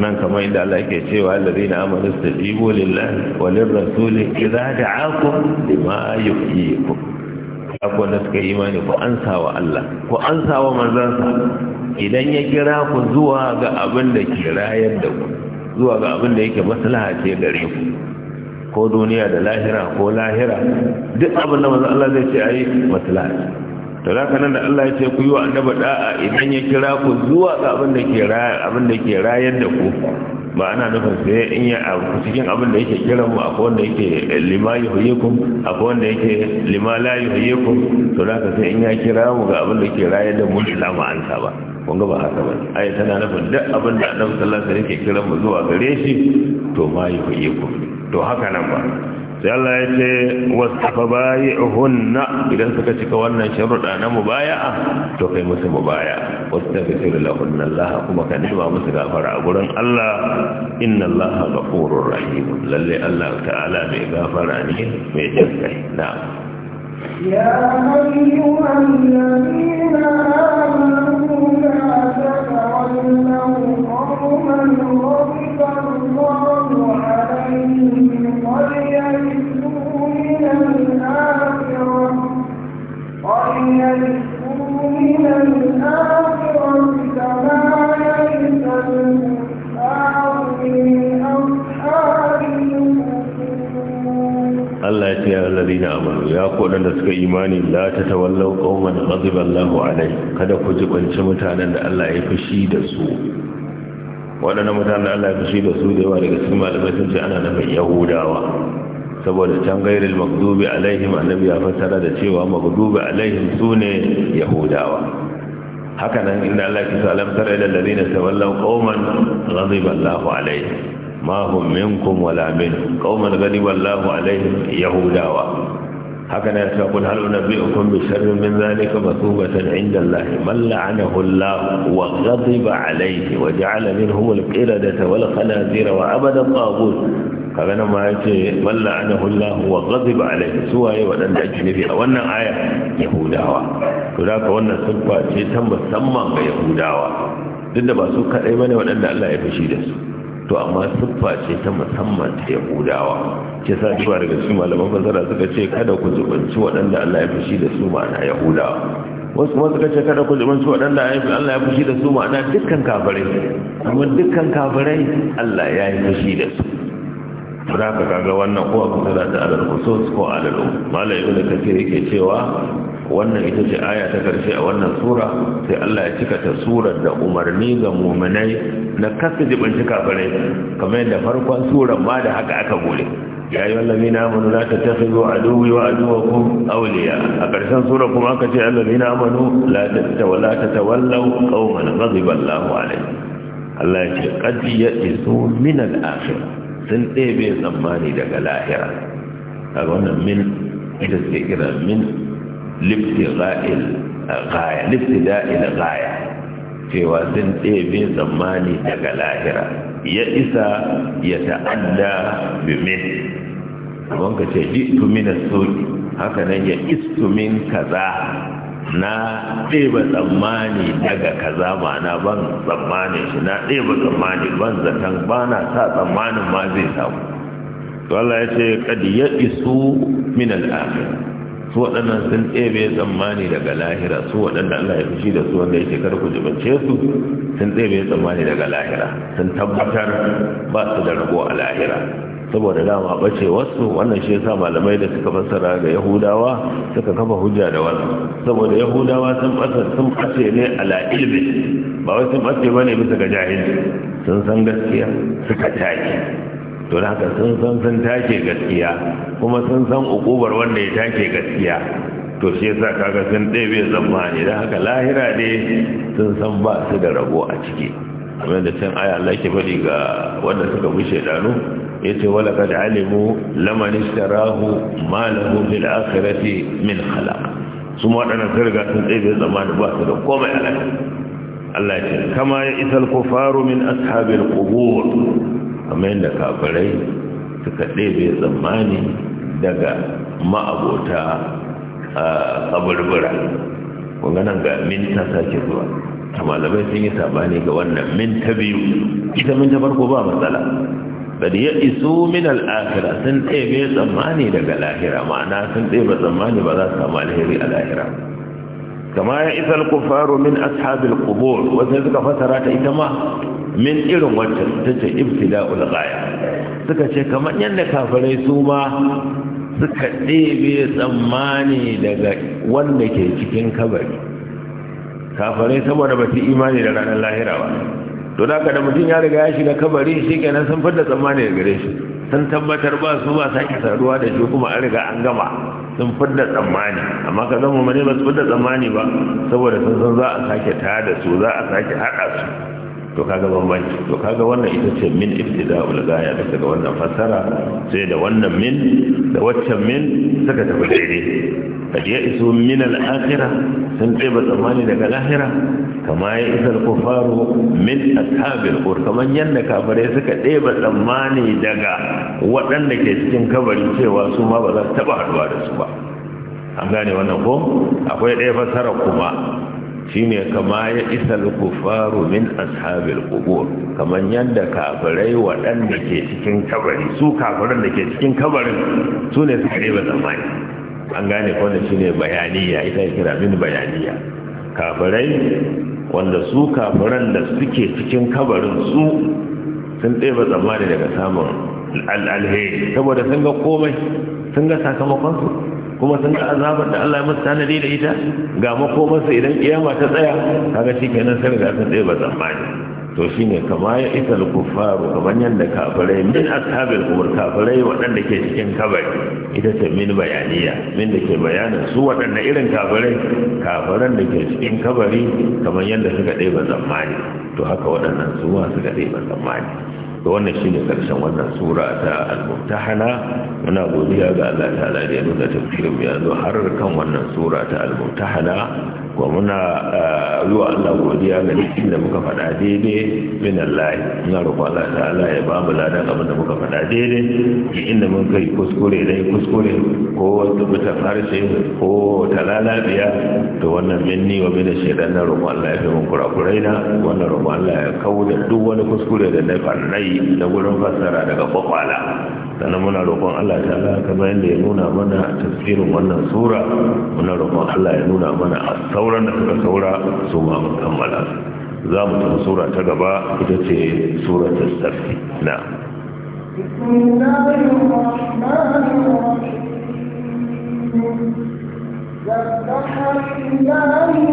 nan kamar inda Allah yake cewa allazina amanu istajibu lillahi wa lirrasuli idza da'akum lima yuhyikum akwai da suka imani ku ansawa Allah ku ansawa wa manzansa idan ya kira ku zuwa ga abin da ke rayar da ku zuwa ga abin da yake maslaha ce gare ku ko duniya da lahira ko lahira duk abin da manzon Allah zai ce ayi maslaha to za ka nan da Allah ya ce ku yi wa annaba da'a idan ya kira ku zuwa ga abin da ke abin da ke rayar da ku ba ana nufin sai in ya a cikin abin da yake kira mu akwai wanda yake eh, lima yuhyikum akwai wanda yake lima la ku. to za ka sai in ya kira mu ga abin da ke rayar da mu islamu an saba kun ga ba haka ba ai tana nufin duk abin da Annabi sallallahu alaihi wasallam yake kira mu zuwa gare shi to ma ku. to haka nan ba sai Allah ya ce wasafa bayi'uhunna idan suka cika wannan sharuɗa na mubaya'a to kai musu mubaya wastaghfir lahunna Allah kuma ka nema musu gafara a gurin Allah inna Allah ghafurur rahim lalle Allah ta'ala mai gafara ne mai jinkai na يا أيها الذين آمنوا Allah ya ce ya lalari ya da suka imani la ta tawallau qauman ghadiba Allahu alai kada ku ji kunci mutanen da Allah ya fushi da su Wadannan mutanen da Allah ya fushi da su da yawa daga cikin malamai sun ce ana nufin Yahudawa saboda can gairil magdubi alaihim annabi ya fassara da cewa magdubi alaihim su ne yahudawa haka nan inda Allah ya salam da ila alladhina tawallaw qauman ghadiba Allahu alaihim ma hum minkum wala min qauman ghadiba Allahu alaihim yahudawa haka nan sai kun halu kun bi sharrin min zalika masubatan inda Allah man la'anahu Allah wa ghadiba alaihi wa ja'ala minhum al-qiradata wal khanazira wa abada taghut kaga nan ma yace man la'anahu Allah wa ghadiba alayhi suwaye wadanda ake nufi a wannan aya yahudawa to da ka wannan siffa ce ta musamman ga yahudawa duk da ba su kadai bane wadanda Allah ya fashi da su to amma siffa ce ta musamman ta yahudawa ke sa cewa daga cikin malaman fasara suka ce kada ku zubanci waɗanda Allah ya fashi da su ma'ana yahudawa wasu kuma suka ce kada ku zubanci waɗanda Allah ya fushi da su ma'ana dukkan kafirai kuma dukkan kafirai Allah ya yi fushi da su za ka kaga wannan ko abu tana ta alal khusus ko alal um malai ibn kathir yake cewa wannan ita ce aya ta karshe a wannan sura sai Allah ya cika ta surar da umarni ga mu'minai na kasu jibin cika bare kamar yadda farkon surar ma da haka aka gode ya yi wallabi na amanu la ta tafi zuwa aduwi wa aduwakun auliya a ƙarshen sura kuma aka ce allabi na amanu la ta tawallau ƙaunar Allahu alai Allah ya ce ƙaddi ya iso min al-akhirah sun ɗebe tsammani daga lahira a wannan min ita suke kira min liftira'il gaya liftira'il gaya cewa sun ɗebe tsammani daga lahira ya isa ya ta'adda bimin abin wanka ce ji tumin soji haka nan ya istumin kaza na ɗeba tsammani daga kaza ba na ban tsammani shi na ɗeba tsammani ban zaton ba na sa tsammanin ma zai samu Allah ya ce kadi ya isu min al'afir su waɗannan sun ɗebe tsammani daga lahira su waɗanda Allah ya fushi da su wanda ya Kar ku jibance su sun ɗebe tsammani daga lahira sun tabbatar ba su da rabo a lahira saboda dama bace wasu wannan shi yasa malamai da suka fassara ga yahudawa suka kafa hujja da wannan saboda yahudawa sun fasa sun fashe ne ala ilmi ba wai sun fashe bane bisa ga jahili sun san gaskiya suka take to dan haka sun san sun take gaskiya kuma sun san ukubar wanda ya take gaskiya to shi yasa kaga sun ɗebe zamani da haka lahira ne sun san ba su da rabo a ciki abin da can aya Allah ke faɗi ga wanda suka bi shaidanu yace wala kad alimu laman ishtarahu ma lahu fil akhirati min khalaq su ma wadannan tun dai bai zamanu ba su da komai a lafiya Allah ya ce kama ya isal kufaru min ashabil qubur amma inda kafirai suka ɗebe tsammani daga ma'abota a kaburbura kunga nan ga min ta sake zuwa malamai sun yi sabani ga wannan min ta biyu ita min ta farko ba matsala qad ya'isu min al-akhirah sun ɗebe tsammani daga lahira ma'ana sun ɗebe tsammani ba za su samu alheri a lahira kama ya isa al-kufaru min ashabil qubur wanda suka fasara ta ita ma min irin waccan tace ibtila'ul ghaya suka ce kamar yadda kafirai su ma suka ɗebe tsammani daga wanda ke cikin kabari kafirai saboda ba su imani da ranar lahira ba to da da mutum ya riga ya shiga kabari shi kenan sun fadda tsammani da gare shi sun tabbatar ba su ba sake saruwa da shi kuma an riga an gama sun fadda tsammani amma ka zama ne ba su fadda tsammani ba saboda sun san za a sake tada su za a sake haɗa su to kaga bambanci to kaga wannan ita ce min ibtida'ul gaya bisa wannan fasara sai da wannan min da waccan min suka tafi daidai kad ya isu min al-akhirah sun ɗeba tsammani daga lahira kama ya isa al-kufaru min ashabil qur kaman yanda kafirai suka ɗeba tsammani daga waɗanda ke cikin kabari cewa su ma ba za su taba haduwa da su ba an gane wannan ko akwai ɗaya fasara kuma shine kama ya isa kufaru min ashabil qubur kaman yadda kafirai waɗanda ke cikin kabari su kafiran da ke cikin kabarin su ne su ɗeba tsammani an gane shi shine bayaniya ita kira min bayaniya kafirai wanda su kafiran da suke cikin kabarin su sun ɗeba tsammani daga samun al'alheri saboda sun ga komai sun ga sakamakonsu kuma sun ga azabar da Allah ya musu tanadi da ita ga makomarsa idan kiyama ta tsaya kaga shi kenan sai riga sun tsaye ba tsammani to shine kama ya isa kufaru kamar yadda kafirai min ashabil kubur kafirai waɗanda ke cikin kabari ita ce min bayaniya min da ke bayanin su waɗanda irin kafirai kafiran da ke cikin kabari kamar yadda suka ɗaya ba tsammani to haka waɗannan su ma suka ɗaya ba tsammani da wannan shine karshen wannan sura ta al-mumtahana muna godiya ga Allah ta'ala da ya nuna tafsirin ya har kan wannan sura ta al wa muna eh, yi wa Allah godiya ga dukkan da muka faɗa daidai min Allah ina roƙon Allah ta Allah ya ba mu ladan abin da muka faɗa daidai inda mun kai kuskure dai kuskure ko wata mutan farce, ko ta lalabiya to wannan minni wa min shaidan na roƙon Allah ya fi mun kurakurai na wannan roƙon Allah ya kawo da duk wani kuskure da na farnai da gurin fassara daga kwakwala sannan muna roƙon Allah ta ta'ala kamar yadda ya nuna mana tafsirin wannan sura muna roƙon Allah ya nuna mana a sauran da suka saura su ma kammala za mu tafi sura ta gaba ita ce sura ta tsarki na سبح لله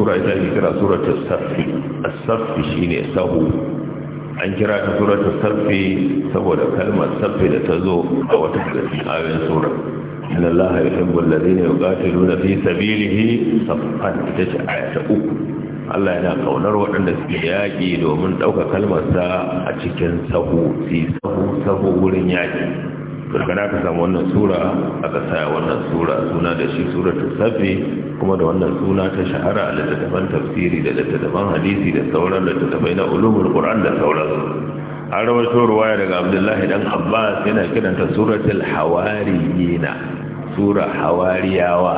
sura ita ake kira suratul safi as-safi shine sahu an kira ta suratul safi saboda kalmar safi da ta zo a wata daga cikin ayoyin sura inna allaha yuhibbul ladina yuqatiluna fi sabilihi saffan ita ce ayata uku Allah yana kaunar waɗanda suke yaƙi domin ɗauka kalmarsa a cikin sahu si sahu sahu wurin yaƙi gargara ka samu wannan sura aka saya wannan sura suna da shi suratul safi kuma da wannan suna ta shahara a littattafan tafsiri da littattafan hadisi da sauran littattafai na ulumul qur'an da sauran. an rawaito ruwaya daga abdullahi dan abbas yana kiranta suratul hawariyina sura hawariyawa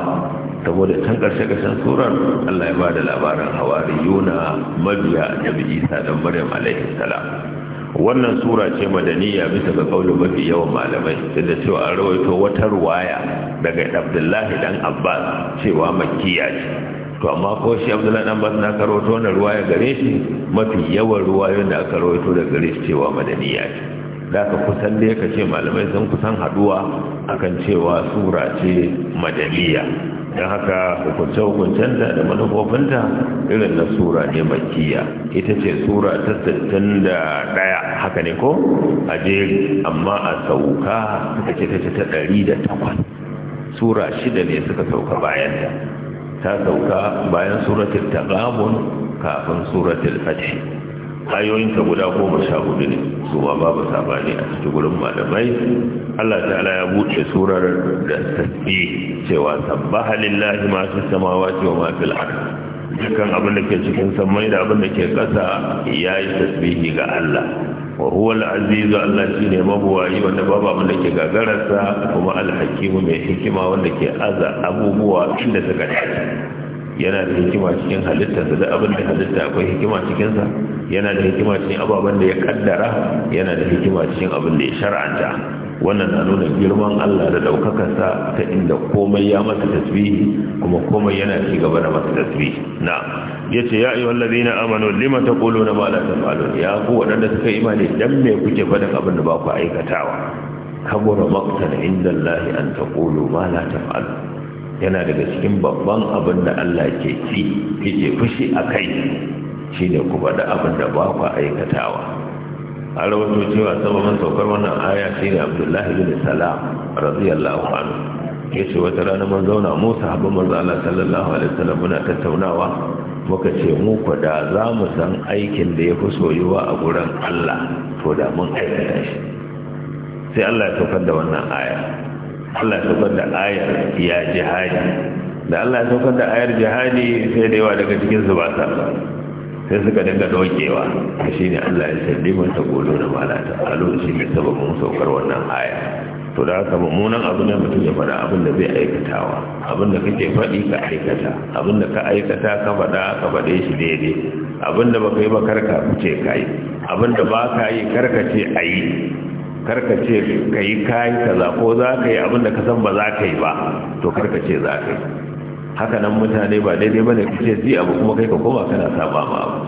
saboda can karshe karshen surar Allah ya da labarin hawariyuna mabiya nabi Isa dan Maryam alaihi salam wannan sura ce madaniya bisa ga kaulin mafi yawan malamai da cewa an rawaito wata ruwaya daga abdullahi dan abbas cewa makiya ce to amma ko shi abdullahi dan abbas na karoto wannan ruwaya gare shi mafi yawan ruwayoyin da aka rawaito daga gare shi cewa madaniya ce da ka kusan da ka ce malamai sun kusan haduwa akan cewa sura ce madaniya don haka hukunce-hukuncenta da manufofinta irin na sura ne makiya ita ce sura ta 61 haka ne ko a jeri amma a sauka suka ce ta ta 108 sura shida ne suka sauka bayanta ta sauka bayan suratul tagabun kafin suratul fatih ta guda goma sha hudu ne su babu sabani a cikin gurin malamai Allah ta'ala ya buɗe surar da tasbih cewa sabbaha lillahi ma fi samawati wa ma fil ard dukkan abin da ke cikin samai da abin da ke ƙasa yayi tasbihi ga Allah wa huwa al-aziz Allah shine mabuwayi wanda babu abin da ke gagararsa kuma al-hakimu mai hikima wanda ke aza abubuwa inda suka dace yana da hikima cikin halittarsa da abin da halitta akwai hikima cikinsa yana da hikima cikin ababen da ya kaddara yana da hikima cikin abin da ya shar'anta wannan na nuna girman Allah da ɗaukakarsa ta inda komai ya masa tasbihi kuma komai yana ci gaba da masa tasbihi na yace ya ayyuhal ladina amanu lima taquluna ma la taf'alun ya ku waɗanda suka imani dan me kuke faɗin abin da ba ku aikatawa kabura maqtan inda Allah an taqulu ma la taf'alun yana daga cikin babban abin da Allah ke ci yake fushi a kai shi ne ku abin da ba ku aikatawa a rawato cewa sababan saukar wannan aya shi ne abdullahi bin salam radiyallahu anhu ya ce wata rana mun zauna mu sahabban manzo Allah sallallahu alaihi wasallam muna tattaunawa muka ce mu ku da za mu san aikin da ya fi soyuwa a gurin Allah to da mun aikata shi sai Allah ya saukar da wannan aya Allah ya saukar da ayar ya jihadi da Allah ya saukar da ayar jihadi sai da yawa daga cikin su ba sa sai suka dinga dokewa ne Allah ya ce liman golo da mala alo shi ne sababin saukar wannan aya to da haka mummunan abu ne mutum ya faɗa abin da zai aikatawa abin da kake faɗi ka aikata abin da ka aikata ka faɗa ka faɗe shi daidai abin da baka yi ba karka ce ka yi abin da ba ka yi karka ce a yi karka ce ka yi kayi kaza ko za ka yi abinda ka san ba za ka yi ba to karka ce za ka yi haka nan mutane ba daidai ba ne ka ce zai abu kuma kai ka koma kana saba ma abu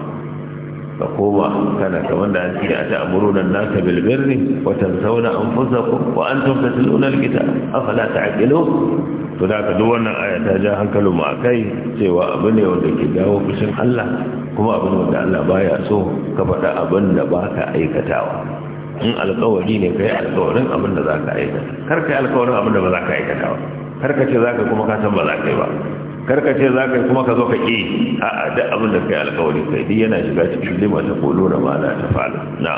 ka koma kana kamar da an ce a ta amuru nan nasa bilbirni watan sauna an fusa ko an tafi gita a fada ta akilo to da ka duk wannan aya ta ja hankalin ma kai cewa abu ne wanda ke dawo fushin allah kuma abu ne wanda allah baya so ka faɗa abin da ba ka aikatawa in alkawari ne kai alkawarin abin da za ka aika kar kai alkawarin abin da ba za ka aika ba kar ka ce za ka kuma ka san ba za ka yi ba kar ka ce za ka yi kuma ka zo ka ƙi a a duk abin da kai alkawari kai duk yana shiga cikin lima ta kolo da mana ta falo na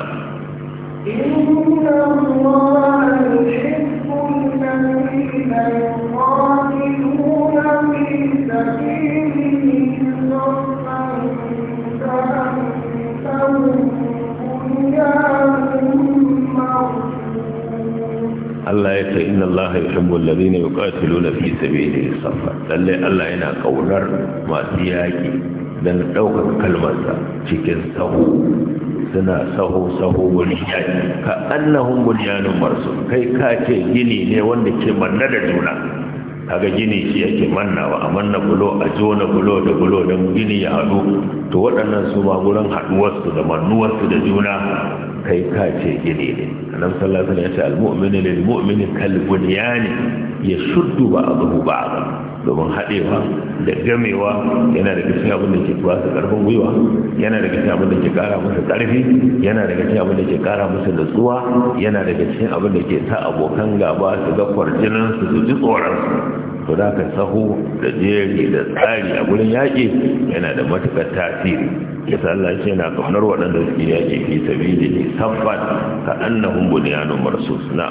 Yeah. Allah ya ce inna Allah yuhibbul ladina yuqatiluna fi sabilihi safa lalle Allah yana kaunar masu yaki dan daukar kalmarsa cikin sahu suna saho saho wani yaki ka annahum bunyanun marsu kai ka ce gini ne wanda ke manna da juna kaga gini shi yake mannawa a manna bulo a jona bulo da bulo don gini ya haɗu to waɗannan su ma wurin haɗuwarsu da mannuwarsu da juna kai ka ce gini ne a sallallahu alaihi wasallam ya ce al-mu'minu lil mu'mini kal bunyani yashuddu ba'dahu ba'dahu domin haɗewa da gamewa yana daga cikin abin da ke kuwa su ƙarfin gwiwa yana daga cikin abin da ke ƙara musu ƙarfi yana daga cikin abin da ke ƙara musu nutsuwa yana daga cikin abin da ke ta abokan gaba su ga kwarjinan su su ji tsoronsu to da ka saho da jeri da tsari a gurin yaƙi yana da matuƙar tasiri ya sa Allah shi yana kaunar waɗanda suke yaƙi fi sabili ne saffat ka annahum bunyanu marsus na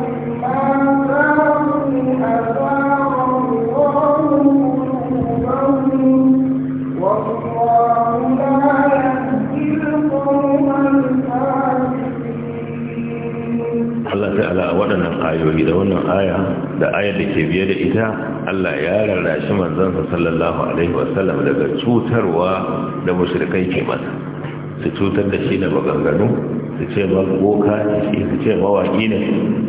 ala waɗannan ayoyi da wannan aya da ayar da ke biye da ita Allah ya rarrashi manzansa sallallahu alaihi wasallam daga cutarwa da mushrikai ke masa su cutar da shi da maganganu su ce ba boka ne su ce mawaki ne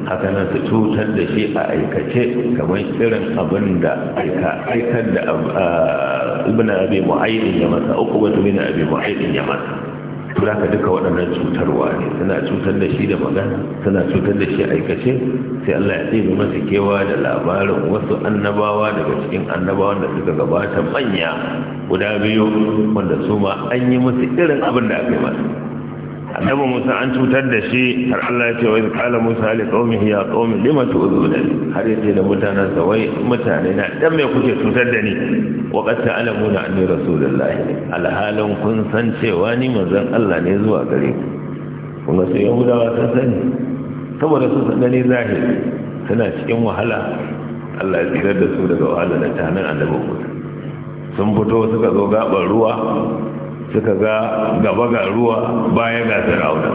haka nan su cutar da shi a aikace kamar irin abin da aika aikar da ah, ibn abi mu'ayyid ya masa uku bin abi mu'ayyid ya masa za ka duka waɗannan cutarwa ne suna cutar da shi da magana suna cutar da shi aikace sai Allah ya tsebe masa kewa da labarin wasu annabawa daga cikin annabawan da suka gabata manya guda biyu wanda su ma an yi musu irin abin da aka yi masu annabi musa an cutar da shi har allah ya ce wa kala musa li qaumihi ya qaumi lima tu'zuna har yace da mutanen sa wai mutane na dan me kuke cutar da ni wa qad ta'lamuna anni rasulullahi alhalan kun san cewa ni manzon allah ne zuwa gare ku kun ga sai yahudawa sun sani saboda su san gani zahiri suna cikin wahala allah ya tsirar da su daga wahala da tanan annabi musa sun fito suka zo gaban ruwa suka ga gaba ga ruwa baya ga sarauta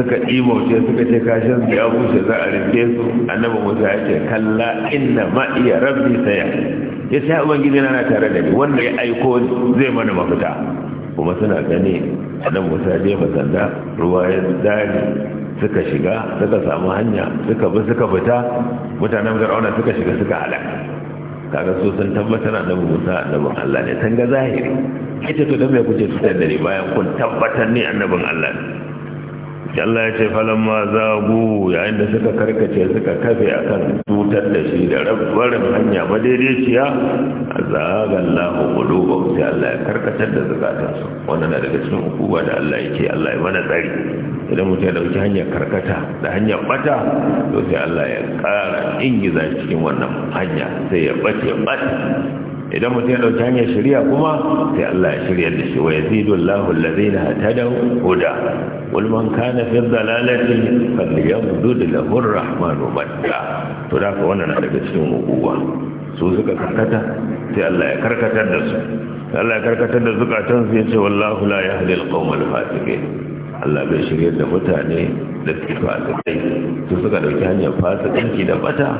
suka ɗimauce suka ce kashin ya bushe za a rike su annabi musa ya ce kalla inna ma iya rabbi saya ya sai ubangiji na tare da ni wanda ya aiko zai mana mafita kuma suna gani annabi musa ya jefa sanda ruwa ya suka shiga suka samu hanya suka bi suka fita mutanen fir'auna suka shiga suka halaka kaga so sun tabbatar annabi Musa annabin Allah ne tanga zahiri ita to dan me kuke fitar da ni bayan kun tabbatar ni annabin Allah ne Allah ya ce falamma zagu yayin da suka karkace suka kafe akan tutar da shi da rabbarin hanya madaidaiciya azaga Allahu qulubahum sai Allah ya karkatar da zakatansu wannan daga cikin hukuma da Allah yake Allah ya mana tsari idan mutum ya dauki hanyar karkata da hanyar bata to sai Allah ya ƙara ingiza cikin wannan hanya sai ya bace bata idan mutum ya dauki hanyar shari'a kuma sai Allah ya shirya da shi wa yazidu Allahu allazina hatadaw huda wal man kana fi dhalalati falyamdud lahu arrahmanu rahmanu madda to da ka wannan daga cikin hukuma su suka karkata sai Allah ya karkatar da su Allah ya karkatar da zukatansu ya ce wallahu la yahdi al-qawma fasiqin Allah bai shirya da mutane da a fasikai su suka dauki hanyar fasikanci da bata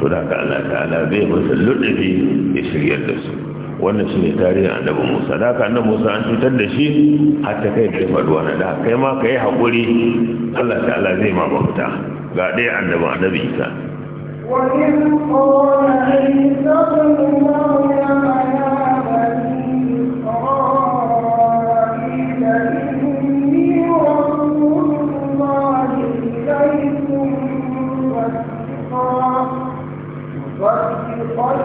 to da haka Allah ta'ala bai masa ya shirya da su wannan shi ne tarihin annabi Musa da haka annabi Musa an cutar da shi har ta kai da faruwa na da kai ma kai hakuri Allah ta'ala zai ma mafita ga ɗaya annabi annabi Isa وإذ قال عيسى ابن مريم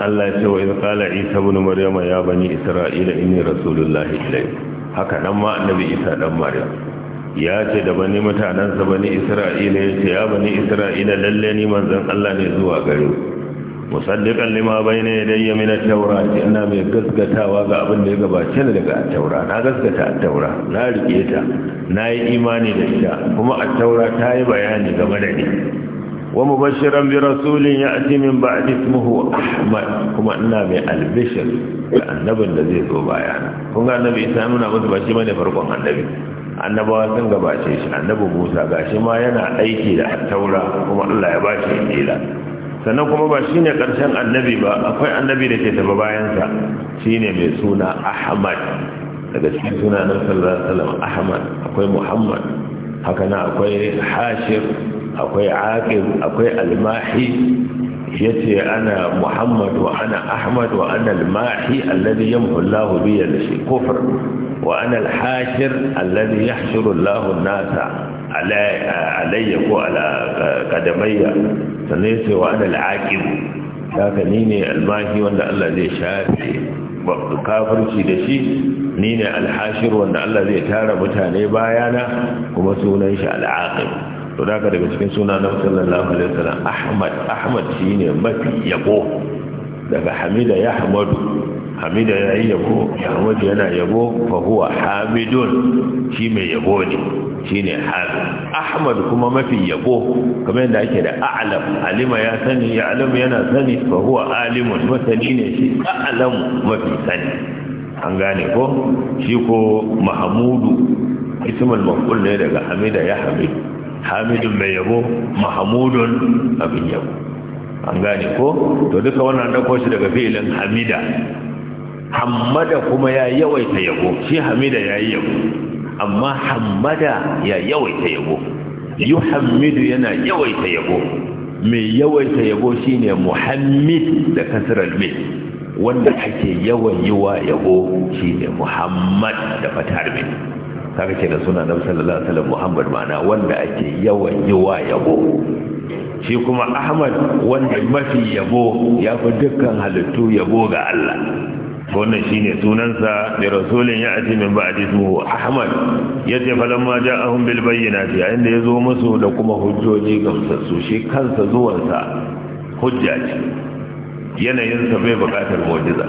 Allah ya ce wa iz qala Isa ibn Maryam ya bani Isra'ila inni rasulullahi ilayhi haka nan ma annabi Isa dan Maryam ya ce da bani mutanansa bani Isra'ila ya ce ya bani Isra'ila lalle ni manzon Allah ne zuwa gare ku musaddiqan lima bayna yadayya min at-taurat ina mai gaskatawa ga abin da ya gabace ni daga at-taura na gaskata at-taura na rike ta na yi imani da ita kuma at-taura ta yi bayani game da ni ومبشرا برسول يأتي من بعد اسمه أحمد كما أننا بالبشر النبي الذي ذو بايعنا كما النبي إسلام نعمل باشي من يفرقون النبي annabawa sun gabace shi annabi Musa gashi ma yana aiki da taura kuma Allah ya bashi injila sannan kuma ba shine karshen annabi ba akwai annabi da ke tafi bayansa shine mai suna Ahmad daga cikin sunanan sallallahu alaihi wasallam Ahmad akwai Muhammad haka akwai hashir akwai aqib akwai almahi yace ana muhammad wa ana ahmad wa ana almahi alladhi yamhu allah bi yadihi kufr wa ana alhashir alladhi yahshuru allah an-nasa alayya ko ala qadamayya sannan yace wa ana alaqib haka ni ne almahi wanda allah zai shafe kafirci da shi ni ne alhashir wanda Allah zai tara mutane bayana kuma sunan shi al'aqib to daga daga cikin sunan sallallahu alaihi wasallam ahmad ahmad shine mafi yabo daga hamida ya hamadu hamida ya yi yabo ya yana yabo fa huwa hamidun shi mai yabo ne shine hamid ahmad kuma mafi yabo kamar yadda ake da a'lam alima ya sani ya alam yana sani fa huwa alimun masani ne shi a'lam mafi sani an gane ko shi ko mahamudu ismul maf'ul ne daga hamida ya hamid hamidun mai yabo mahamudun abin yabo an gane ko to duka wannan dauko shi daga filin hamida hamada kuma ya yawaita yabo shi hamida ya yi yabo amma hamada ya yawaita yabo yuhammidu yana yawaita yabo mai yawaita yabo shine muhammid da kasral mai wanda ake yawan yi wa yabo shine muhammad da fatar bin kaga ke da suna nabi sallallahu alaihi muhammad ma'ana wanda ake yawan yi yabo shi kuma ahmad wanda mafi yabo ya fi dukkan halittu yabo ga allah wannan shine sunansa da rasulin ya ati min ba'di ismuhu ahmad yace falamma ja'ahum bil bayyinati yayin da zo musu da kuma hujjoji gamsassu shi kansa zuwansa hujja ce yanayinsa bai bukatar mojiza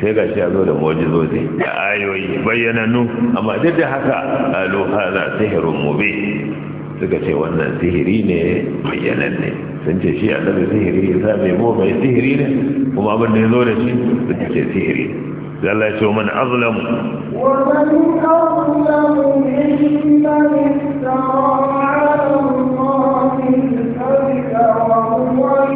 sai ga shi zo da mu'jizozi da ayoyi bayyananu amma duk da haka alu hada sihirun mubin suka ce wannan sihiri ne bayyanan ne sun ce shi annabi sihiri ya mai mu sihiri ne kuma abin da ya zo da shi sun ce sihiri Allah ce man azlamu wa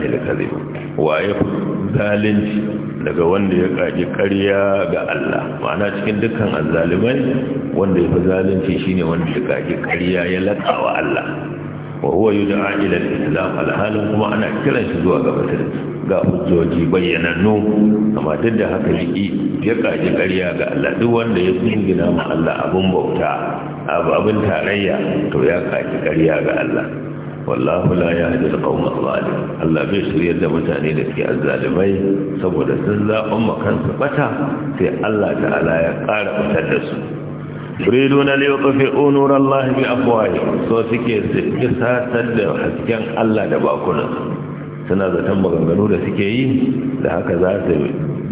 Wa ya waye zalunci daga wanda ya kaji ƙarya ga Allah ma'ana cikin dukkan azzalimai wanda ya fi zalunci shine wanda ya kaji ƙarya ya wa Allah wa huwa yud'a ila al-islam alhalin kuma ana kiran shi zuwa ga musulunci ga hujjoji bayyanannu amma duk da haka yaki ya kaji ƙarya ga Allah duk wanda ya tsingina ma Allah abun bauta abu abin tarayya to ya kaji ƙarya ga Allah wallahu la yahdi al-qawm adh-dhalim Allah bai shiryar da mutane da ke azzalimai saboda sun zaban makansu bata sai Allah ta'ala ya ƙara fitar da su yuriduna li yutfi'u nur Allah bi afwahihim so suke satar da hasken Allah da bakunan suna zaton maganganu da suke yi da haka za su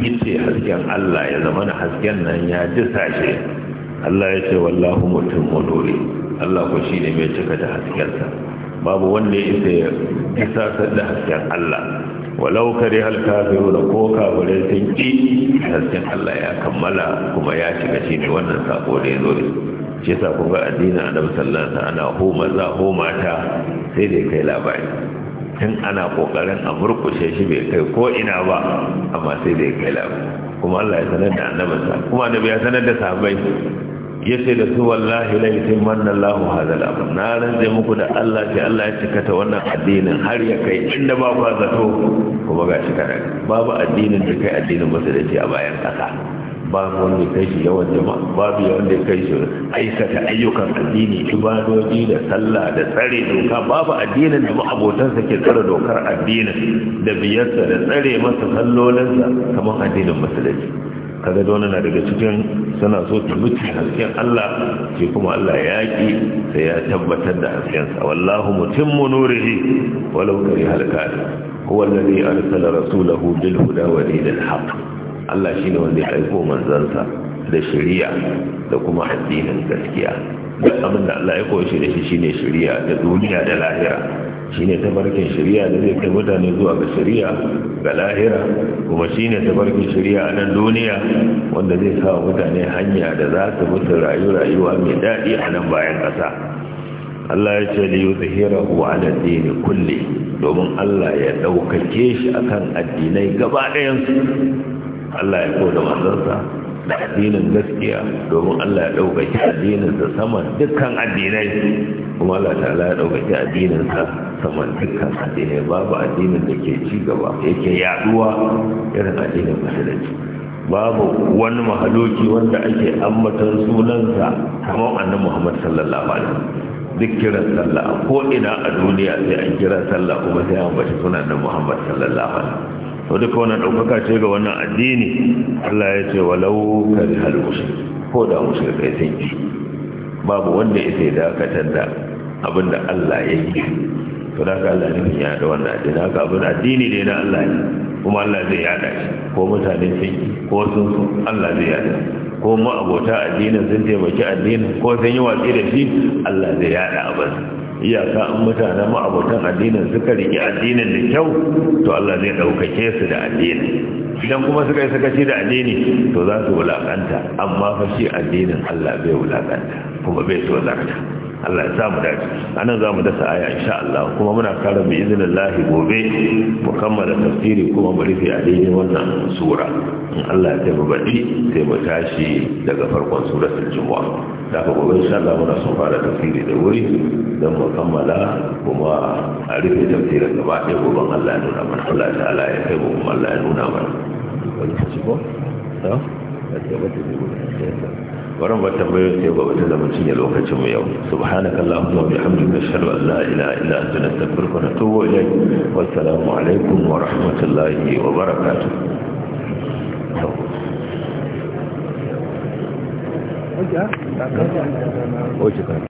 gice hasken Allah ya zama na hasken nan ya disa shi Allah ya ce wallahu mutum nuri Allah ko shine mai cika da haskensa babu wanda ya isa ya isa sadda hasken Allah walau kare halka zai da ko kawure sun ki hasken Allah ya kammala kuma ya shiga shi ne wannan sako da ya zo da shi yasa kun ga addinin annabi sallallahu alaihi wasallam ana homa za homa ta sai dai kai labari tun ana kokarin a murkushe shi bai kai ko ina ba amma sai dai kai labari kuma Allah ya sanar da annabinsa kuma annabi ya sanar da sahabbai Ya yace da su wallahi la yutimanna Allahu hadha al-amr na rantsa muku da Allah sai Allah ya cika ta wannan addinin har ya kai inda ba ku zato kuma ga shi kana babu addinin da kai addinin musulunci a bayan kasa babu wanda kai shi yawan jama'a babu wanda kai shi aikata ayyukan addini ibadoji da sallah da tsare doka babu addinin da abotansa ke tsare dokar addinin da biyarsa da tsare masa sallolinsa kamar addinin musulunci kaga da na daga cikin suna so ta mutu hasken Allah ke kuma Allah ya ki sai ya tabbatar da haskensa wallahu mutimmu nurihi walau kari halakar huwa alladhi arsala rasulahu bil huda wa dinil haqq Allah shine wanda ya aiko manzansa da shari'a da kuma addinin gaskiya duk abin da Allah ya koyi da shi shine shari'a da duniya da lahira shine tabarkin shari'a da zai kai mutane zuwa ga shari'a ga lahira kuma shine tabarkin shari'a a nan duniya wanda zai sa mutane hanya da za su mutu rayu rayuwa mai daɗi a nan bayan ƙasa Allah ya ce da li yuzhirahu ala dini kulle, domin Allah ya ɗaukake shi akan addinai gaba ɗayan Allah ya da manzansa da addinin gaskiya domin Allah ya ɗaukaki addininsa saman dukkan addinai kuma Allah Allah ya ɗaukaki addininsa saman dukkan addinai babu addinin da ke ci gaba yake yaduwa irin addinin musulunci babu wani mahaloki wanda ake ambatan sunansa kamar annabi Muhammad sallallahu alaihi duk kiran sallah ko ina a duniya sai an kira sallah kuma sai an bashi sunan Muhammad sallallahu alaihi to duka wannan ɗaukaka ce ga wannan addini Allah ya ce walau kari halmusu ko da musulmai ya yi babu wanda ya sai dakatar da abin da Allah ya yi to da ka Allah nufin ya da wannan addini haka abin addini ne na Allah ne kuma Allah zai yada shi ko mutane sun yi ko sun su Allah zai yada ko ma abota addinin sun taimaki addinin ko sun yi watsi da shi Allah zai yada abin iyaka an mutane ma'abutan addinin suka riƙe addinin da kyau to Allah zai ɗaukake su da addini idan kuma suka yi sakaci da addini to za su wulaƙanta amma fa shi addinin Allah bai wulakanta, kuma bai so zarta Allah ya samu dace anan mu dasa aya insha Allah kuma muna kare bi iznillah gobe mu kammala tafsiri kuma mu rufe a daidai wannan sura in Allah ya tafi baki sai mu tashi daga farkon suratul jumu'a da ga gobe insha Allah muna son fara tafsiri da wuri dan mu kammala kuma a rufe tafsirin gaba ɗaya gobe Allah ya nuna mana Allah ta'ala ya kai mu Allah ya nuna mana wani ko ta ta ba ta ne barin ba tambayoyin sai gobe tun da mun cinye lokacin mu yau subhanaka allahumma wa bihamdika ashhadu an la ilaha illa anta nastaghfiruka wa natubu ilayk wa assalamu alaikum wa rahmatullahi wa barakatuh